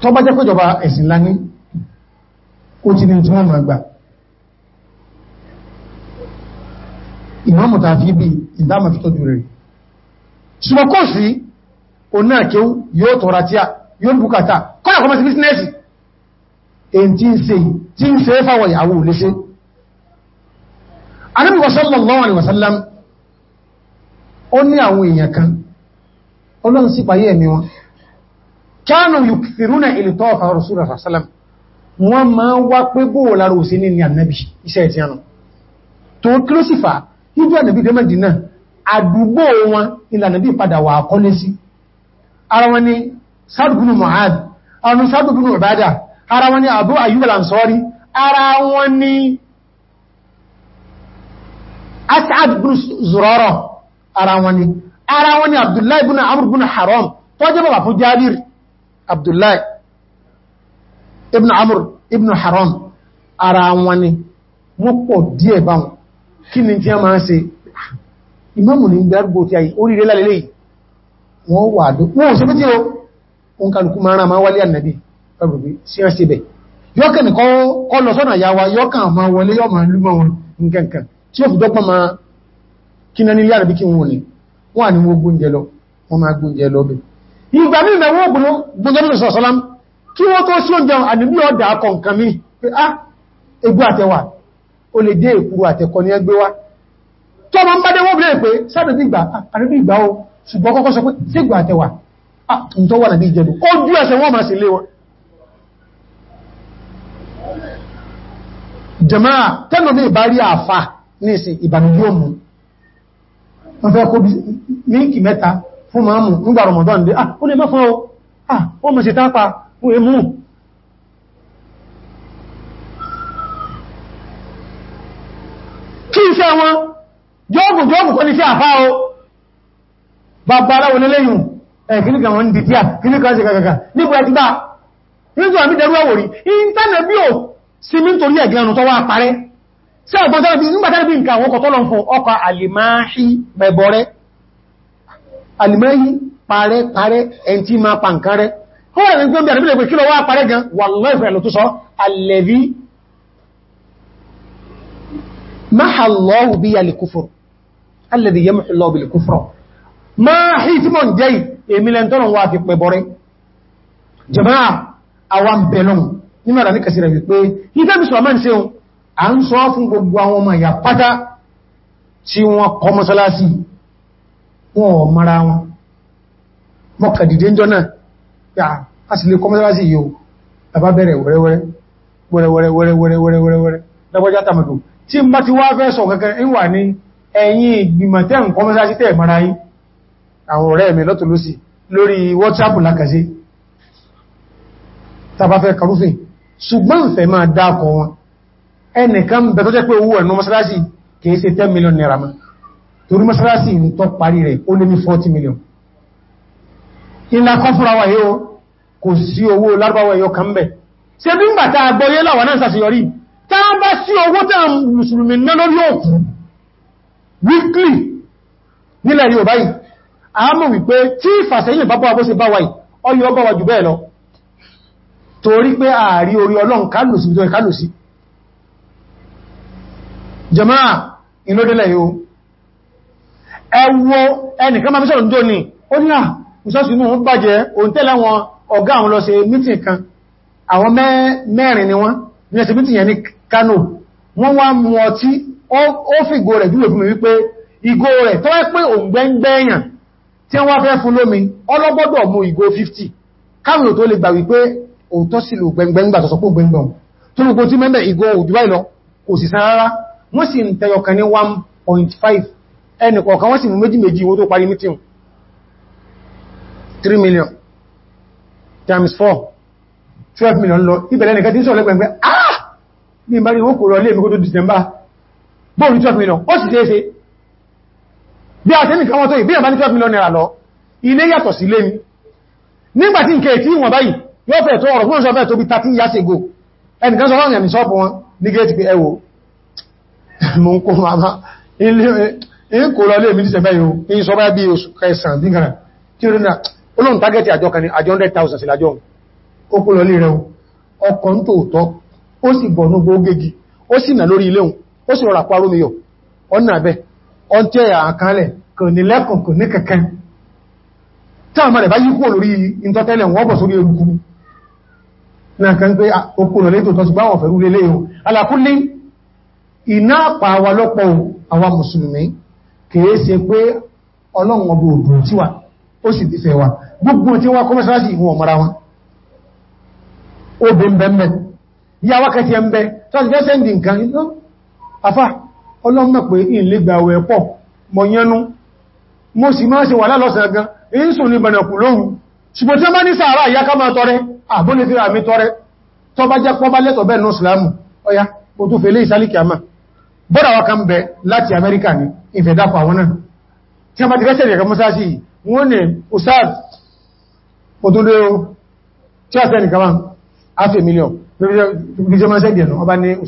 tó bá jẹ́ péjọba ẹ̀sìn lání ó ti ní tí wọ́n mọ̀ gbà ìmáàmù tàà fi bí ìdámà fi tọ́jú rẹ̀ ṣùgbọ́n kò sí oní àkíw yóò tọ́ra tí a yóò bukata kọ́nà kọmọ sí bísínẹ́sì èyí tí ń se tí ń se fáwọ̀ ìyàwó léṣe anábìkọ̀ sallallahu alaihi wasallam ó ní àwọn èèyàn kan ọlọ́run yukfiruna ìlítọ́ ọ̀fà rasulullah sallam wọ́n máa wá pé bóò lára òsì ní ní ànábì iṣẹ́ ìtìyànà tó kílósìfà nígbà ànábì dé Mẹ́dínà àdúgbò wọn ìlànà bí padà wà kọ́lé sí ara wọn ni sádùkúnù Mu'ad ara wọn ni sádùkúnù Ubadah ara wọn ni Abu Ayyub al-Ansari ara wọn ni As'ad Bruce Zurara ara wọn ni ara wọn ni Abdullahi ibn Amr ibn Haram tó jẹ́ bàbá fún Jabir Abdullahi ibn Amr ibn Haram ara wọn ni wọ́n pọ̀ díẹ̀ báwọn kí ni tí a máa ń ṣe ìmọ́mù ní gbẹ́rùgbò tí àyí orí rẹ̀ lálẹ́lẹ́ wọ́n wà dó wọ́n ṣe méjì oun kàlùkù mara ma wálé ànàbí pẹ̀lúbí sí ẹ́ síbẹ̀ yọ́kẹ̀ ní kọ́ lọ sọ́nà yàwà yọ́kà ma wọlé yọ́ ma lúmọ̀ wọn nkankan tí ó fi dọ́pọ̀ ma kí na nílé àrẹ̀bí kí wọn ní wọ́n ni wọ́n gbóúnjẹ lọ wọ́n ma gbóúnjẹ lọ bẹ̀ ah, dé èkúrú àtẹkọ ní ẹgbẹ́ wa tó ma ń bá déwọ́ bèèrè pé sáré bí ìgbà ah, ìgbà o ṣùgbọ́n kọ́kọ́ sọ pé sígbà àtẹwà ah, tó wà nàbí ìjẹ̀dù ó jú ẹsẹ̀ wọ́n ma sì lé wọn jẹmáà tẹ́nà ní ìbá rí àfà ní ìsìn ìbànújú kí jọ́gùn jọ́gùn kọ́ ní sí àfá o bàbá aláwọ̀ lẹ́lẹ́yìn ẹ̀ kìníkà wọn dìtí à kìníkà sí kàkàkà nígbà ẹ̀ ti bá nínú àmì dẹ̀rú àwòrí ìntánẹ̀ bí ò sí mí torí ẹ̀gẹ̀rún tó wá parẹ́ sí àgbàtàrẹ́bí nígbàtàrẹ́bí nǹkan àwọn ọkọ̀ tọ́lọ fún ọkọ̀ alìmáhí bẹ̀bọ̀rẹ́ alìmáhí parẹ́ parẹ́ ẹn tí máa pa nǹkan rẹ̀ ó bí àrẹ́bí lè pé alẹ́dì yẹ mọ̀lọ́ bí lè kú fún máa hì tí mọ̀ jẹ́ èmì lẹ́ntọ́nà wà fi pẹ̀ bọ̀rẹ́ jẹmáà àwọn bẹ̀lọ́n nínú àdá ní kàsí rẹ̀ wípé ìfẹ́ bí sọ́mọ́ ṣe ń a ń sọ fún gbogbo àwọn ọmọ ìyà pátá tí wọ́n kọ mọ́sálásí wọn ò mara wọn mọ́kàdìdé jọ náà a sì lè kọ mọ́sálásí ẹ̀yin ìgbìmọ̀ tẹ́ ǹkan mọ́sá sí tẹ́ mara yí àwọn ọ̀rẹ́ mi lọ́tọ̀ lọ́sí lórí WhatsApp lákàsí tàbáfẹ́ karúfin ṣùgbọ́n fẹ́ máa dákọ̀ wọn ẹnìkan bẹ̀ tó jẹ́ pé owó ẹ̀nà mọ́sálásí kìí ṣe 10 million naira ma torí mọ́sálásí ń tọ́ parí rẹ̀ ó lé ní 40 million ìlà kọfúrawa yóò kò sí owó lárúbáwà yóò kan bẹ̀ ṣe bí ń bàtà agbóyé láwà náà sàṣeyọrí tá bá sí owó tẹ́ mùsùlùmí náà lórí òkú weekly nílẹ̀ yóò báyìí a mọ̀ wípé tí ìfàsẹ́yìn bábọ́ abóse bá wáyìí ọyọ ọgbọ́ wà jù bẹ́ẹ̀ lọ torí pé ààrí orí ọlọ́run kálùsí tó kálùsí jàmáà ìlódélẹ̀ yóò ẹwọ ẹnìkan máa mẹ́sọ̀rọ̀ jọ ni ó ní à ìsọ́sì inú wọn bàjẹ́ òun ni wọ́n ní ẹ̀sẹ̀ mítìn yẹn Kano wọ́n wá ó fi ìgò rẹ̀ júlò fún mi wípé ìgò rẹ̀ tó wẹ́ pé òǹgbẹ́ngbẹ́yàn tí wọ́n fẹ́ fún lómi ọlọ́gbọ́dọ̀ mú ìgò 50 káwọn tó lè gbà wípé òótọ́ sí lò gbẹngbẹ́ngbà tó sọ pé gbẹngbẹ́n tó rúgbó tí mẹ́bẹ̀ ìgò òjúbá ìlọ kò sì san rárá wọ́n sì ń tẹyọkan ní 1.5 ẹnì kọ̀ọ̀kan wọ́n sì mú méjì méjì owó tó parí ní tíun 3 million times 4 12 million lọ ibẹ̀lẹ́nìkan tí ń sọ̀rọ̀ lẹ́gbẹ̀ẹ́gbẹ́ ah mi bá rí wọ́n kò rọ̀ lé mi kó tó December bóòrù 12 million ó sì tẹ́ẹ́sẹ́ bí a tẹ́mì kan wọ́n tó yìí bí ẹ̀bá ní 12 million naira lọ ilé yàtọ̀ sí lé ní nígbàtí nke tí wọ́n báyìí yóò fẹ́ tó ọ̀rọ̀ fún ọ̀sọ́fẹ́ tó bí 13 years ago ẹnìkan sọ wọ́n yàmì sọ́pù wọn ní gẹ́ẹ̀tì pé ẹwò mú kó máa ń kò lọ lé mi níṣẹ́ báyìí ń sọ báyìí bí oṣù kẹsàn bí kan tí ó rínà olóhun tágẹ́tì àjọ kan ní àjọ 100,000 sí lájọ́ ó kó lọ lé rẹ̀ ọkọ̀ ń tòótọ́ ó sì bọ̀ ní gbógégi ó sì nà lórí ilé òun ó sì rọrà parú mi yọ ọ̀nà àbẹ́ ọ̀n tí ẹ̀yà àkánlẹ̀ kò ní lẹ́kùn kò ní kẹ̀kẹ́ tí àwọn mẹ́rẹ̀ bá yíkú olórí ìntọ́tẹ́lẹ̀ wọ́n bọ̀ sórí eruku náà kan pé okùn ah, lọ létò tọ́sí báwọn fẹ̀rú lélé o alákúnlé iná àpà wa lọ́pọ̀ àwọn wa gbogbo tí mara wọn obìnrin bẹ̀m̀bẹ̀ yíya wákàtí ẹ̀m̀bẹ̀ tọ́sí fẹ́ sẹ́ndì nǹkan afá ọlọ́mọ̀ pé in lè gbà wẹ̀ pọ̀ mọ̀ yẹnu mo sì máa ṣe wà lálọ́sẹ̀ gan èyí sùn ní bẹ̀nẹ̀kù lóhun ṣùgbọ́n tí ó bá ní sàárà ìyá ká máa tọrẹ àbóní fíra mi tọrẹ tó bá jẹ́ pọ́ bá lẹ́tọ̀ bẹ́ẹ̀ ní ìsìlámù ọya o tó fèlé ìsálìkì àmà bọ́dà tí a bá ti rẹ́sẹ̀ rẹ̀ kan mọ́sáàsì wọ́n ni usaz òtúlé o tí sẹ́ nìkan wá áfẹ́ mílíọ̀n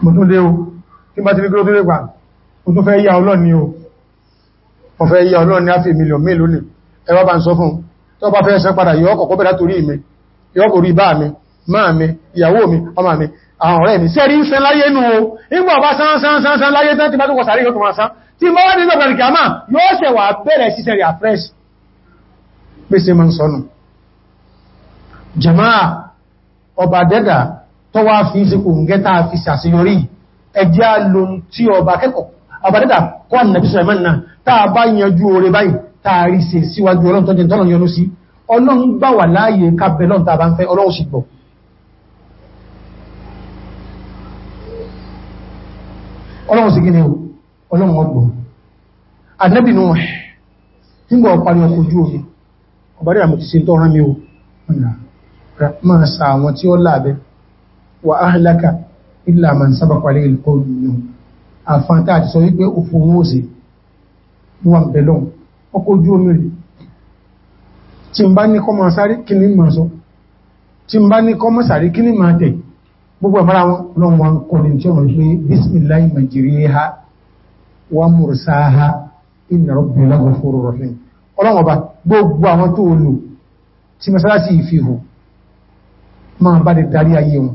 mo tún dé o tí bá ti rí kí ó tó lè gbà o tún fẹ́ yá ọlọ́n ni o ọ̀fẹ́ yá ọlọ́n ni a fi mílíọ̀n mélòó lè ẹwà bá ń sọ fún tó bá fẹ́ ṣe padà yọ ọkọ̀ bẹ̀rẹ̀ torí mi yọ́kọ̀ rí bá mi máa mi ìyàwó mi ọmọ mi àwọn ọ̀rẹ́ mi sẹ́rí ń sẹ láyé nù o nígbà bá sánsánsánsán láyé tán ti bá tó kọ̀ sàárè yóò tó máa sán tí mọ́ wọ́n ní ìgbà kìámà yóò ṣẹ̀wà bẹ̀rẹ̀ sí sẹ́rí afresh pèsè mọ́ sọ́nù jama'a ọba dẹ́dà tó wá fi síkò ń gẹ́ta fi sàṣeyọrí ẹjẹ́ lò tí ọba kẹ́kọ̀ọ́ àbádẹ́dà kọ́ ànàbí Sulaiman náà táà bá yanjú oore báyìí táàrí se síwájú ọlọ́run tó jẹ́ tọ́lọ̀ yọnú sí ọlọ́run gbà wà láàyè kábẹ̀ lọ́n tàbá ń fẹ́ ọlọ́run sì gbọ́ ọlọ́run sì ti se tọ́rán mi o máa sa àwọn tí ó láàbẹ́ wa ahlaka illa man sabaqa alayhi alqawl minhum afan ta ti sọ wípé ofo won ose won belong ọkọ̀ ojú omi rẹ̀ tí n bá ní kọ́ máa sáré kí ní máa sọ tí n bá ní kọ́ máa sáré kí ní máa tẹ̀ gbogbo àmàrà wọn lọ́n wọn kọ́ ní tí wọ́n rí bismillahi majriha wa mursaha inna rabbi laghafurur rahim ọlọ́wọ́n ọba gbogbo àwọn tó lò tí mẹ́sàlásì ìfihù máa bá dé darí ayé wọn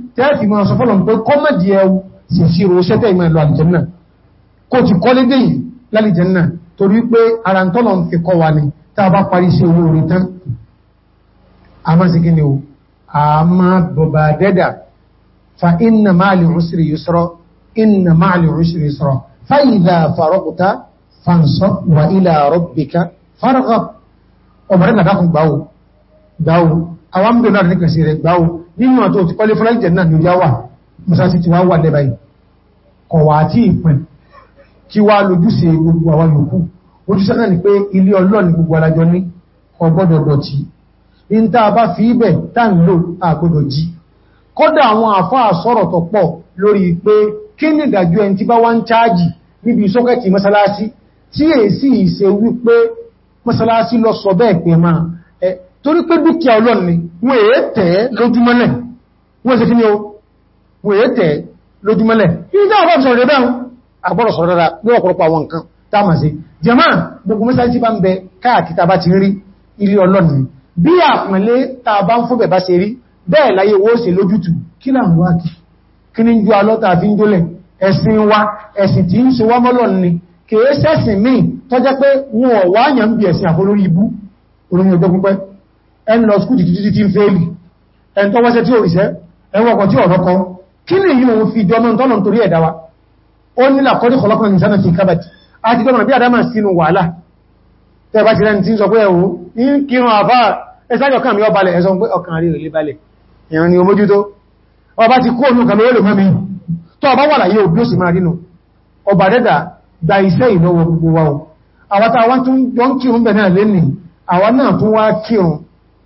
tẹ́ẹ̀fì máa sọ fọ́lọ̀ pé kọ́ mẹ́dì ẹwù sì sí rọ́ṣẹ́ tẹ́ ìmọ̀ ìlú àlìjẹ́nà kò ti kọ́ lédè yìí lálìjẹ́nà torí pé ara tọ́lọ̀ ń fi kọ́ wa ni tá a bá parí sí owó orí tán a máa sì kí ni o a máa bọ̀bà dẹ́dà fa nínú àtò ti kọ́lé fún láìjẹ̀ náà ni ó yá wà mọ́sásí ti wá wà lẹ́bàá yìí kọ̀wà àti ìpín kí wá lójúṣe gbogbo àwọn yòókù ojúṣe náà ni pé ilé Ọlọ́run ni gbogbo alájọ ní ọgbọ́dọ̀ dọ̀tí a bá fi ibẹ̀ tá ń lò àgbọ́dọ̀ jí kọ́dà àwọn àfáà sọ̀rọ̀ tó pọ̀ ni ìdájọ́ ẹni tí bá wá ń chájì níbi sọ́kẹ̀tì mọ́sálásí tí torí pé dúkìá Ọlọ́run ni wọ́n èé tẹ́ lójúmọ́lẹ̀ wọ́n ṣe kí ni ó wọ́n èé tẹ́ lójúmọ́lẹ̀ yìí dáa bá sọ̀rọ̀ rẹ̀ àgbọ́rọ̀ sọ̀rọ̀ rẹ̀ ní ọ̀pọ̀lọpọ̀ àwọn nǹkan táàmà sí jẹmọ́ gbogbo mẹ́sàn sí bá ń bẹ káàkì tàbá ti rí ilé Ọlọ́run bí àpẹẹlẹ́ tàbá ń fúnbẹ̀ bá ṣe rí bẹ́ẹ̀ láyé owó ṣe lójútù kí ẹ̀sìn wa ẹ̀sìn tí ń ṣe wá mọ́lọ́run ni kìí sẹ́sìn míì tọ́jẹ́ pé wọn ọ̀wá bí ẹ̀sìn àfolórí ibú olórin ọjọ́ ẹn lọ skúù títí tí ń fẹ́lì ẹn tó wáṣẹ́ tí ó ríṣẹ́ ẹn wọ́kọ̀ tí ọ̀rọ̀ kan kí lè yíò fi jọmọ́ tọ́nà torí ẹ̀dáwà ó nílà kọ́dí kọlọ́kùnrin ìsánà fi kábàtì àti tọ́nà bí àdámà sínú wàhálà tẹ́bá ti rẹni tí ń sọ pé ẹ̀wọ́ ń kírun àfá ẹsájọ kan mi ọbalẹ̀ ẹ̀sọ pé ọkàn rí òlé balẹ̀ èèyàn ni omójútó ọba ti kú ònú kàmẹ́rẹ́ lò mẹ́mi tó tún jọ ń kírun bẹ̀ náà lẹ́nìí àwọn náà tún wá kírun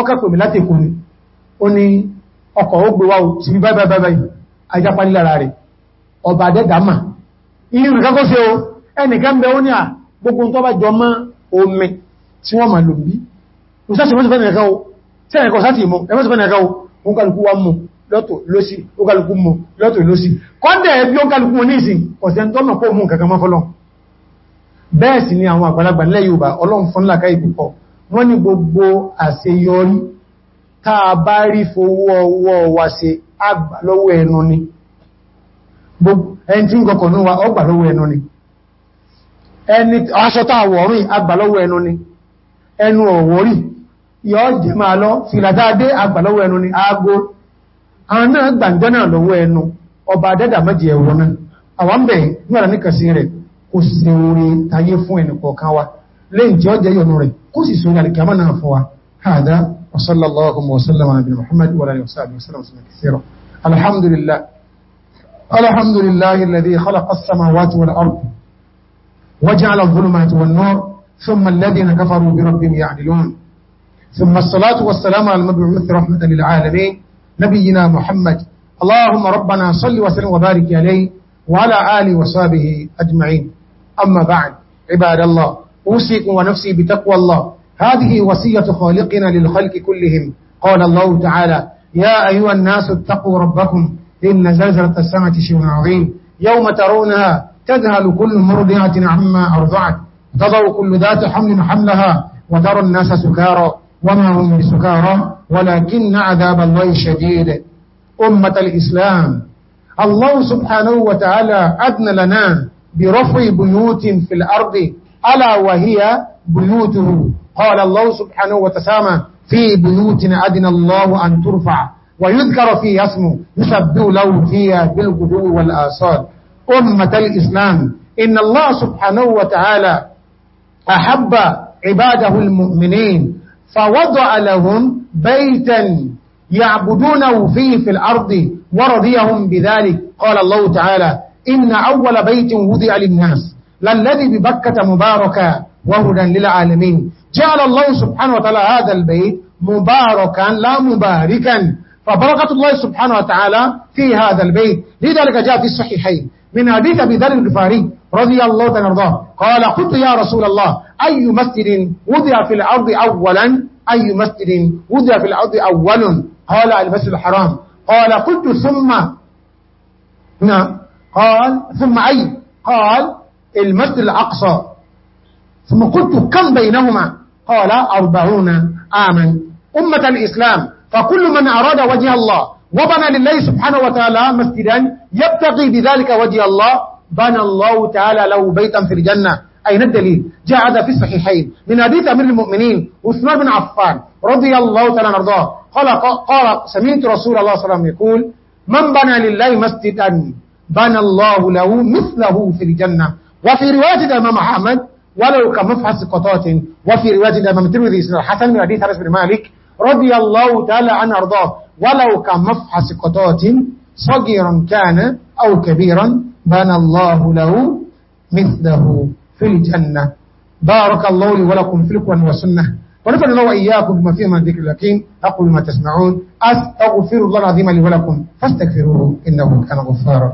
ọkà pèmì láti èkó ni ó ní ọkọ̀ ó gbé wá sí bí báyìí báyìí ajápa nílára rẹ̀ ọba adẹ́dàmà ilé rẹ̀ kákọ́ sí o ẹnìkan bẹ ó ní à gbogbo tó bá jọ mọ́ omi tí wọ́n ma lò bí òṣàṣì mọ́sí fẹ́ nìkan o tí ẹ̀kọ́ sáti mọ́ ẹmọ́sí fẹ́ nìkan o ó kálukú wá ni àwọn àgbàlagbà nílẹ̀ Yorùbá Ọlọ́run fún lákàá ìbùkọ́ wọ́n ni gbogbo àṣeyọrí taa bá rí fowó ọwọ́ wa ṣe agbàlọ́wọ́ ẹnu ni ẹni tí ń gọkọ̀ ní wa ọgbàlọ́wọ́ ẹnu ni ẹni agbàlọ́wọ́ ẹnu ni ẹnu ọ̀wọ̀rí yọ́ jẹ máa lọ fìlàdáadé agbàlọ́wọ́ ẹnu ni aago lẹ́yìn tí ó jẹ́ yọ̀nù rẹ̀ kó sì sọ ìrìnàlẹ̀ kìámà náà fọ́ wa hàdá wasallallahu wasallam ala muhammad wa alihi wasallam sunna kaseera alhamdulillah alhamdulillah alladhi وجعل الظلمات والنور ثم الذين كفروا بربهم يعدلون ثم الصلاة والسلام على المبعوث رحمة للعالمين نبينا محمد اللهم ربنا صل وسلم وبارك عليه وعلى آله وصحبه أجمعين أما بعد عباد الله أوصيكم ونفسي بتقوى الله هذه وصية خالقنا للخلق كلهم قال الله تعالى يا أيها الناس اتقوا ربكم إن زلزلة السماء شيء عظيم يوم ترونها تذهل كل مرضعة عما أرضعت تضع كل ذات حمل حملها وترى الناس سكارى وما هم بسكارى ولكن عذاب الله شديد أمة الإسلام الله سبحانه وتعالى أدن لنا برفع بيوت في الأرض ألا وهي بيوته قال الله سبحانه وتسامى في بيوت أدن الله أن ترفع ويذكر فيها اسمه يسبه له فيها بالقدو والآصال أمة الإسلام إن الله سبحانه وتعالى أحب عباده المؤمنين فوضع لهم بيتا يعبدونه فيه في الأرض ورضيهم بذلك قال الله تعالى إن أول بيت وضع للناس للذي ببكة مباركا وهدى للعالمين جعل الله سبحانه وتعالى هذا البيت مباركا لا مباركا فبركة الله سبحانه وتعالى في هذا البيت لذلك جاء في الصحيحين من حديث أبي ذر الغفاري رضي الله تنرضاه قال قلت يا رسول الله أي مسجد وضع في الأرض أولا أي مسجد وضع في الأرض أولا قال المسجد الحرام قال قلت ثم نعم قال ثم أي قال المسجد الأقصى ثم قلت كم بينهما قال أربعون آمن أمة الإسلام فكل من أراد وجه الله وبنى لله سبحانه وتعالى مسجدا يبتغي بذلك وجه الله بنى الله تعالى له بيتا في الجنة أين الدليل؟ جاء هذا في الصحيحين من حديث أمير المؤمنين عثمان بن عفان رضي الله تعالى نرضاه قال, قال سمعت رسول الله صلى الله عليه وسلم يقول من بنى لله مسجدا بنى الله له مثله في الجنة وفي رواية الإمام أحمد ولو كمفحص قطاة وفي رواية الإمام الترمذي سنة الحسن من حديث أنس بن مالك رضي الله تعالى عنه أرضاه ولو كمفحص قطاة صغيرا كان أو كبيرا بان الله له مثله في الجنة بارك الله لي ولكم في القرآن والسنة ونفعل الله وإياكم بما فيه من ذكر الأكيم أقول ما تسمعون أستغفر الله العظيم لي ولكم فاستغفروه إنه كان غفارا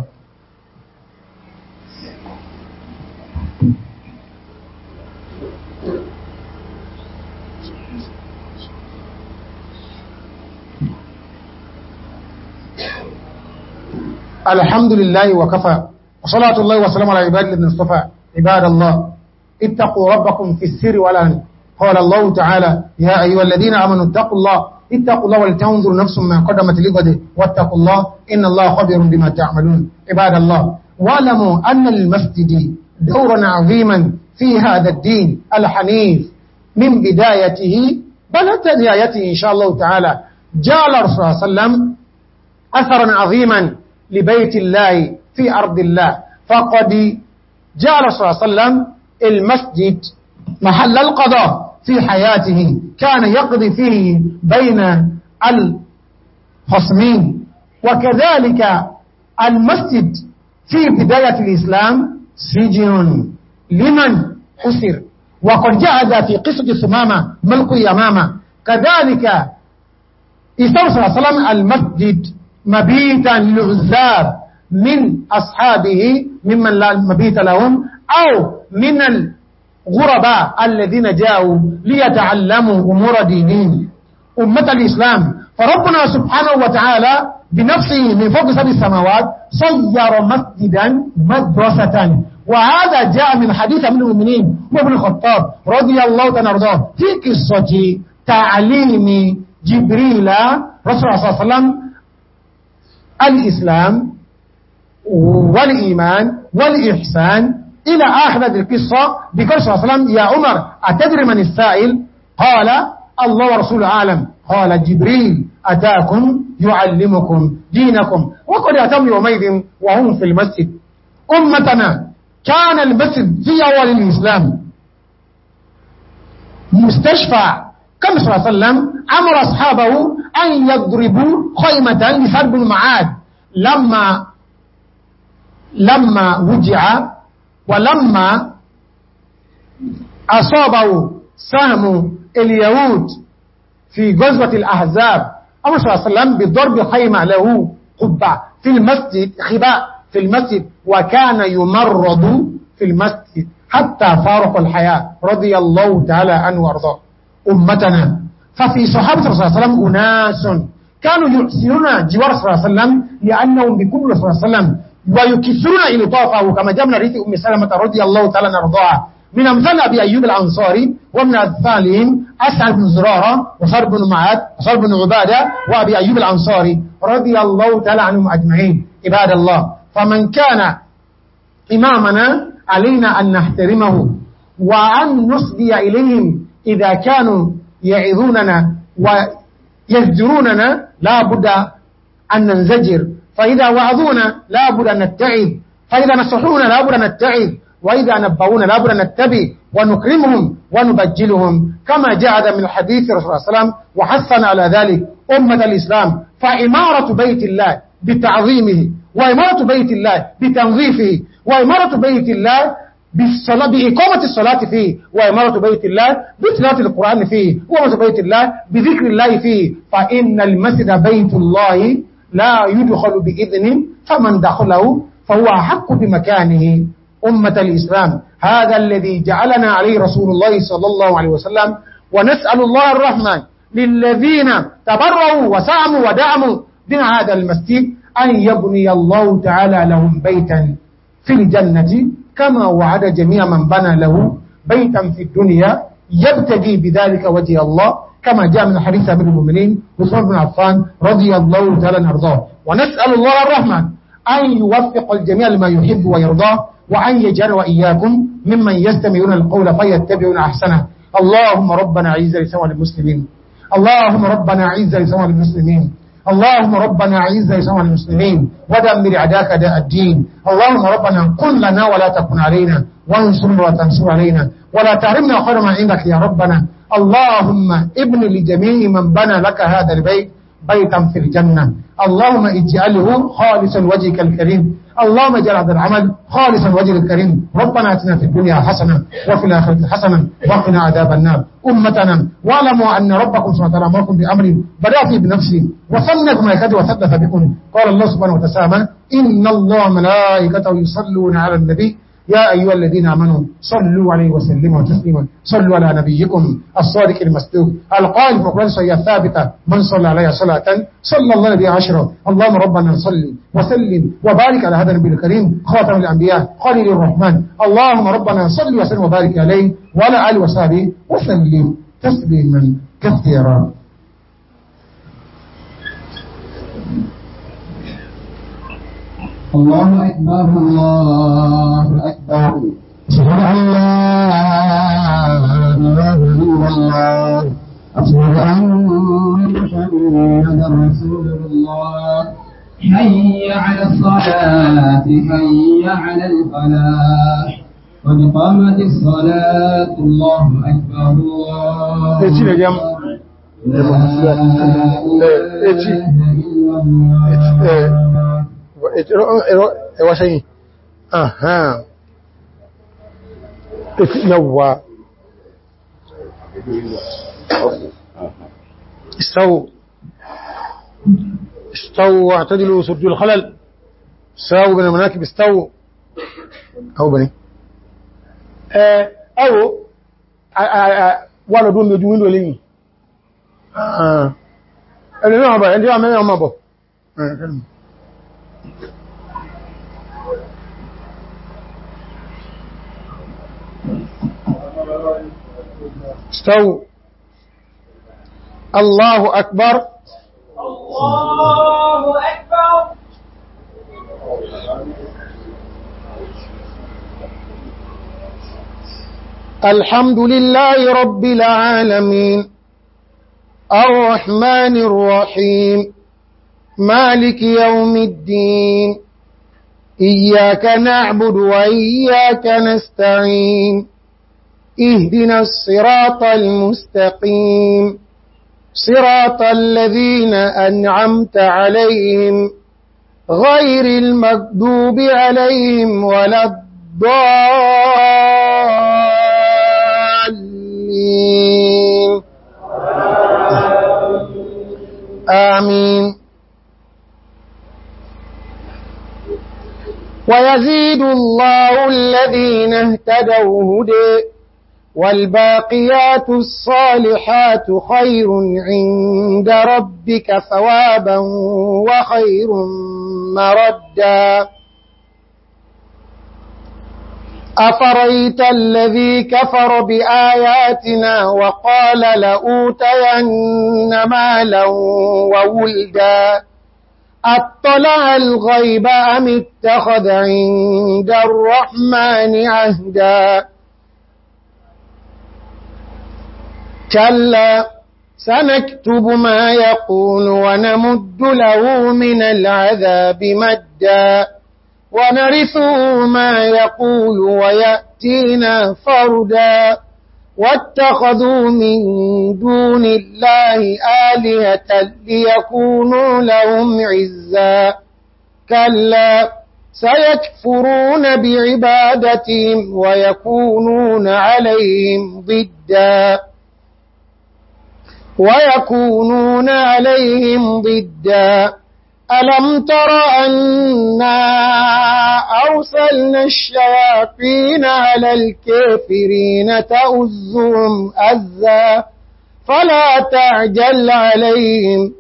الحمد لله وكفى وصلاة الله وسلم على عباد الذين اصطفى عباد الله اتقوا ربكم في السر والآن قال الله تعالى يا أيها الذين آمنوا اتقوا الله اتقوا الله ولتنظر نفس ما قدمت لغد واتقوا الله إن الله خبير بما تعملون عباد الله واعلموا أن المسجد دورا عظيما في هذا الدين الحنيف من بدايته بل تدايته إن شاء الله تعالى جعل رسول الله صلى الله عليه وسلم أثرا عظيما لبيت الله في أرض الله فقد جعل صلى الله عليه وسلم المسجد محل القضاء في حياته كان يقضي فيه بين الخصمين وكذلك المسجد في بداية الإسلام سجن لمن حسر وقد جاء في قصة ثمامة ملك يمامة كذلك إسلام صلى الله عليه وسلم المسجد مبيتا للعزاب من أصحابه ممن لا مبيت لهم أو من الغرباء الذين جاءوا ليتعلموا أمور دينهم أمة الإسلام فربنا سبحانه وتعالى بنفسه من فوق سبع السماوات صير مسجدا مدرسة وهذا جاء من حديث من المؤمنين وابن الخطاب رضي الله تنرضاه في قصة تعليم جبريل رسول الله صلى الله عليه وسلم الإسلام والإيمان والإحسان إلى آخر هذه القصة بقول صلى الله عليه وسلم يا عمر أتدري من السائل قال الله ورسول عالم قال جبريل أتاكم يعلمكم دينكم وقد أتم يومئذ وهم في المسجد أمتنا كان المسجد زيوة للإسلام مستشفى كم صلى الله عليه وسلم أمر أصحابه أن يضربوا خيمة لسرب المعاد لما لما وجع ولما أصابه سهم اليهود في غزوة الأحزاب أمر صلى الله عليه وسلم بضرب خيمة له قبة في المسجد خباء في المسجد وكان يمرض في المسجد حتى فارق الحياة رضي الله تعالى عنه وارضاه أمتنا ففي صحابة صلى الله عليه وسلم أناس كانوا يؤثرون جوار صلى الله عليه وسلم لأنهم بكل صلى الله عليه وسلم ويكثرون إلى طافه كما جاء من ريث أم سلمة رضي الله تعالى نرضاها من أمثال أبي أيوب الأنصاري ومن أمثالهم أسعد بن زرارة وصار بن معاد وصار بن عبادة وأبي أيوب الأنصاري رضي الله تعالى عنهم أجمعين عباد الله فمن كان إمامنا علينا أن نحترمه وأن نصدي إليهم إذا كانوا يعظوننا ويزجروننا لا بد أن ننزجر فإذا وعظونا لا بد أن نتعب فإذا نصحونا لا بد أن نتعب وإذا نبهونا لا بد أن نتبه ونكرمهم ونبجلهم كما جاء من حديث رسول الله صلى الله عليه وسلم وحثنا على ذلك أمة الإسلام فإمارة بيت الله بتعظيمه وإمارة بيت الله بتنظيفه وإمارة بيت الله بإقامة الصلاة فيه وإمارة بيت الله بتلاوة القرآن فيه وإمارة بيت الله بذكر الله فيه فإن المسجد بيت الله لا يدخل بإذن فمن دخله فهو حق بمكانه أمة الإسلام هذا الذي جعلنا عليه رسول الله صلى الله عليه وسلم ونسأل الله الرحمة للذين تبرعوا وسعموا ودعموا دين هذا المسجد أن يبني الله تعالى لهم بيتا في الجنة كما وعد جميع من بنى له بيتا في الدنيا يبتدي بذلك وجه الله كما جاء من حديث أمير المؤمنين عثمان بن عفان رضي الله تعالى عنه ونسأل الله الرحمن أن يوفق الجميع لما يحب ويرضاه وأن يجعل وإياكم ممن يستمعون القول فيتبعون أحسنه اللهم ربنا عز لسوى المسلمين اللهم ربنا عز لسوى المسلمين اللهم ربنا عز لسوى المسلمين ودمر عداك داء الدين اللهم ربنا قل لنا ولا تكن علينا وانصرنا وتنصر علينا ولا تحرمنا خير ما عندك يا ربنا اللهم ابن لجميع من بنى لك هذا البيت بيتا في الجنة اللهم اجعله خالصا وجهك الكريم اللهم اجعل هذا العمل خالصا وجهك الكريم ربنا اتنا في الدنيا حسنة وفي الآخرة حسنة وقنا عذاب النار أمتنا واعلموا أن ربكم سبحانه وتعالى أمركم بأمر بدأت بنفسي ما يكاد وثبت بكم قال الله سبحانه وتعالى إن الله ملائكته يصلون على النبي يا أيها الذين آمنوا صلوا عليه وسلموا تسليما صلوا على نبيكم الصادق المسلوك القائل في صلى صلية ثابتة من صلى عليه صلاة صلى الله عليه عشرة اللهم ربنا صل وسلم وبارك على هذا النبي الكريم خاتم الأنبياء خليل الرحمن اللهم ربنا صل وسلم وبارك عليه وعلى آله وصحبه وسلم تسليما كثيرا الله أكبر الله أكبر أشهد أن لا إله إلا الله أشهد أن محمدا رسول الله حي على الصلاة حي على الفلاح قد قامت الصلاة الله أكبر الله إيه، أكبر لا إله إلا الله إيه، إيه، وشيء أها اتنوى استووا استووا واعتدلوا سدوا الخلل ساووا بين المناكب استووا أو بني أو wọ́n lọ́dún lójú wílò lẹ́yìn ẹ̀rẹ̀ náà bọ̀ ẹ̀dẹ́ استو الله أكبر الله أكبر الحمد لله رب العالمين الرحمن الرحيم مالك يوم الدين إياك نعبد وإياك نستعين اهدنا الصراط المستقيم صراط الذين أنعمت عليهم غير المكذوب عليهم ولا الضال ويزيد الله الذين اهتدوا هدي والباقيات الصالحات خير عند ربك ثوابا وخير مردا أفريت الذي كفر بآياتنا وقال لأوتين مالا وولدا أطلع الغيب أم اتخذ عند الرحمن عهدا كلا سنكتب ما يقول ونمد له من العذاب مدا ونرثه ما يقول ويأتينا فردا واتخذوا من دون الله آلهة ليكونوا لهم عزا كلا سيكفرون بعبادتهم ويكونون عليهم ضدا ويكونون عليهم ضدًا ألم تر أنا أرسلنا الشياطين على الكافرين تؤزهم أذى فلا تعجل عليهم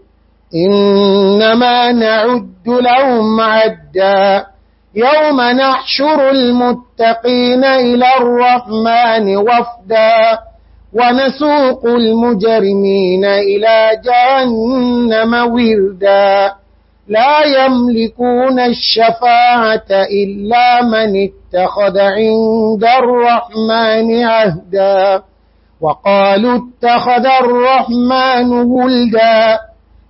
إنما نعد لهم عدا يوم نحشر المتقين إلى الرحمن وفدا ونسوق المجرمين إلى جهنم وردا لا يملكون الشفاعة إلا من اتخذ عند الرحمن عهدا وقالوا اتخذ الرحمن ولدا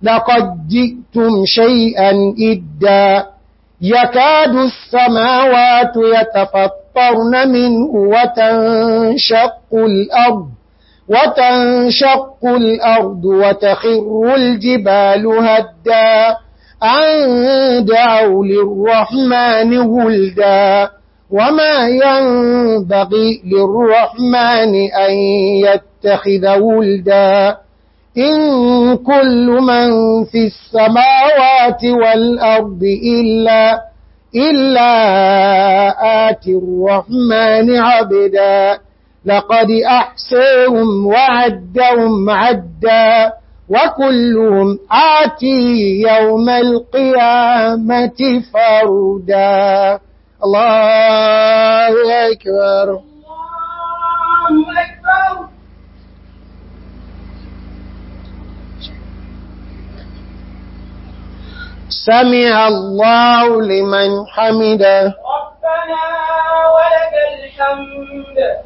لقد جئتم شيئا إدا يكاد السماوات يتفطرن منه وتنشق الأرض وتنشق الأرض وتخر الجبال هدّا أن دعوا للرحمن ولدا وما ينبغي للرحمن أن يتخذ ولدا إن كل من في السماوات والأرض إلا, إلا آتي الرحمن عبدا لقد أحسهم وعدهم عدا وكلهم آتي يوم القيامة فردا الله أكبر الله أكبر سمع الله لمن حمده ربنا ولك الحمد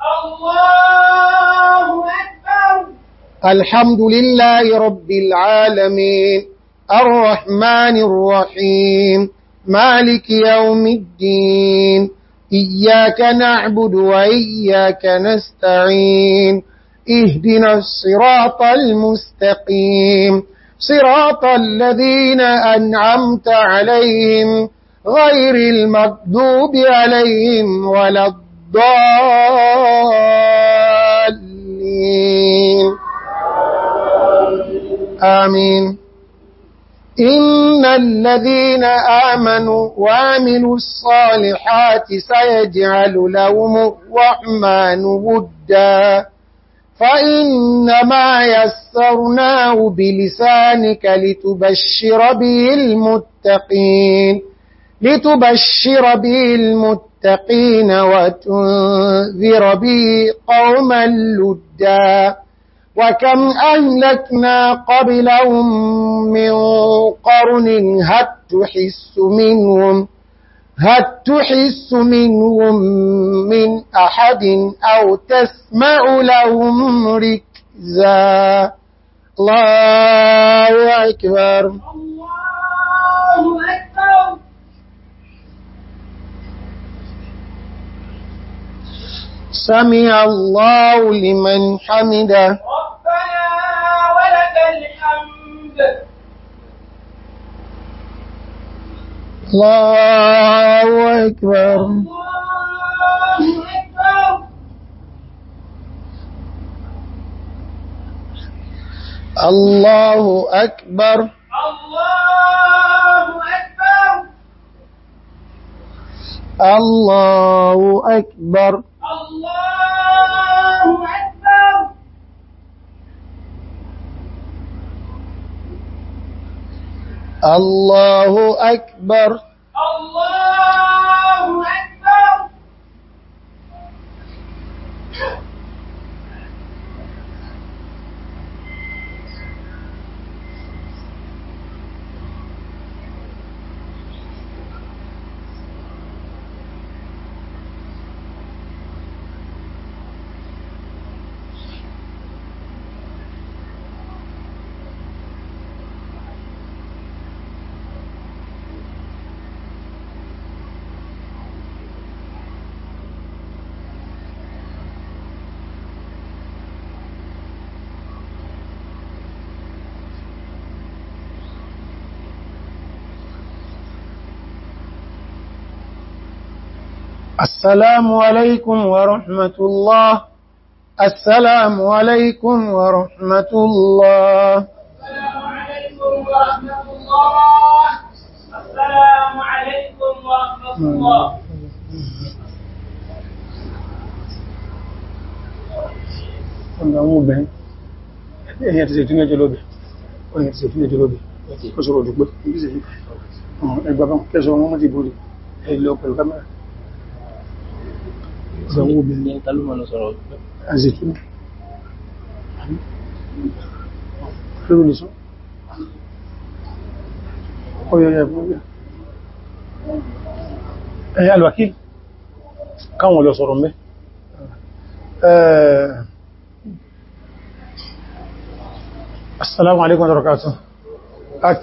الله أكبر الحمد لله رب العالمين الرحمن الرحيم مالك يوم الدين إياك نعبد وإياك نستعين اهدنا الصراط المستقيم صراط الذين أنعمت عليهم غير المكذوب عليهم ولا الضالين الضالين آمين إن الذين آمنوا وعملوا الصالحات سيجعل لهم الرحمن ودا فإنما يسرناه بلسانك لتبشر به المتقين لتبشر به المتقين المتقين وتنذر به قوما لدا وكم أهلكنا قبلهم من قرن هل تحس منهم هل تحس منهم من أحد أو تسمع لهم ركزا الله أكبر الله سمع الله لمن حمده ربنا ولك الحمد الله أكبر الله أكبر الله أكبر الله أكبر الله أكبر الله أكبر السلام عليكم ورحمة الله السلام عليكم ورحمة الله السلام عليكم ورحمة الله السلام عليكم ورحمة الله wanda mú bẹ̀rẹ̀ ẹ̀yìn àti ṣètúnlẹ̀ jọlọ́bẹ̀ ọ̀yìn àti ṣètúnlẹ̀ jọlọ́bẹ̀ kọ́sọ̀rọ̀ òdùgbẹ́ ẹgbẹ́ bá kẹsọ̀ wọ́n mọ́ ti borí ẹ̀lọ́pẹ̀lú kámẹ́rà sanwó mi ní talómọ̀ lọ sọ̀rọ̀ àzètò lórí lè sọ ọyọ̀yọ̀ ìfúnjẹ́ ẹ̀yà alwakí káwọn lọ sọ̀rọ̀ mẹ́ assalamu alaikum warahmatullahi wabarakatuh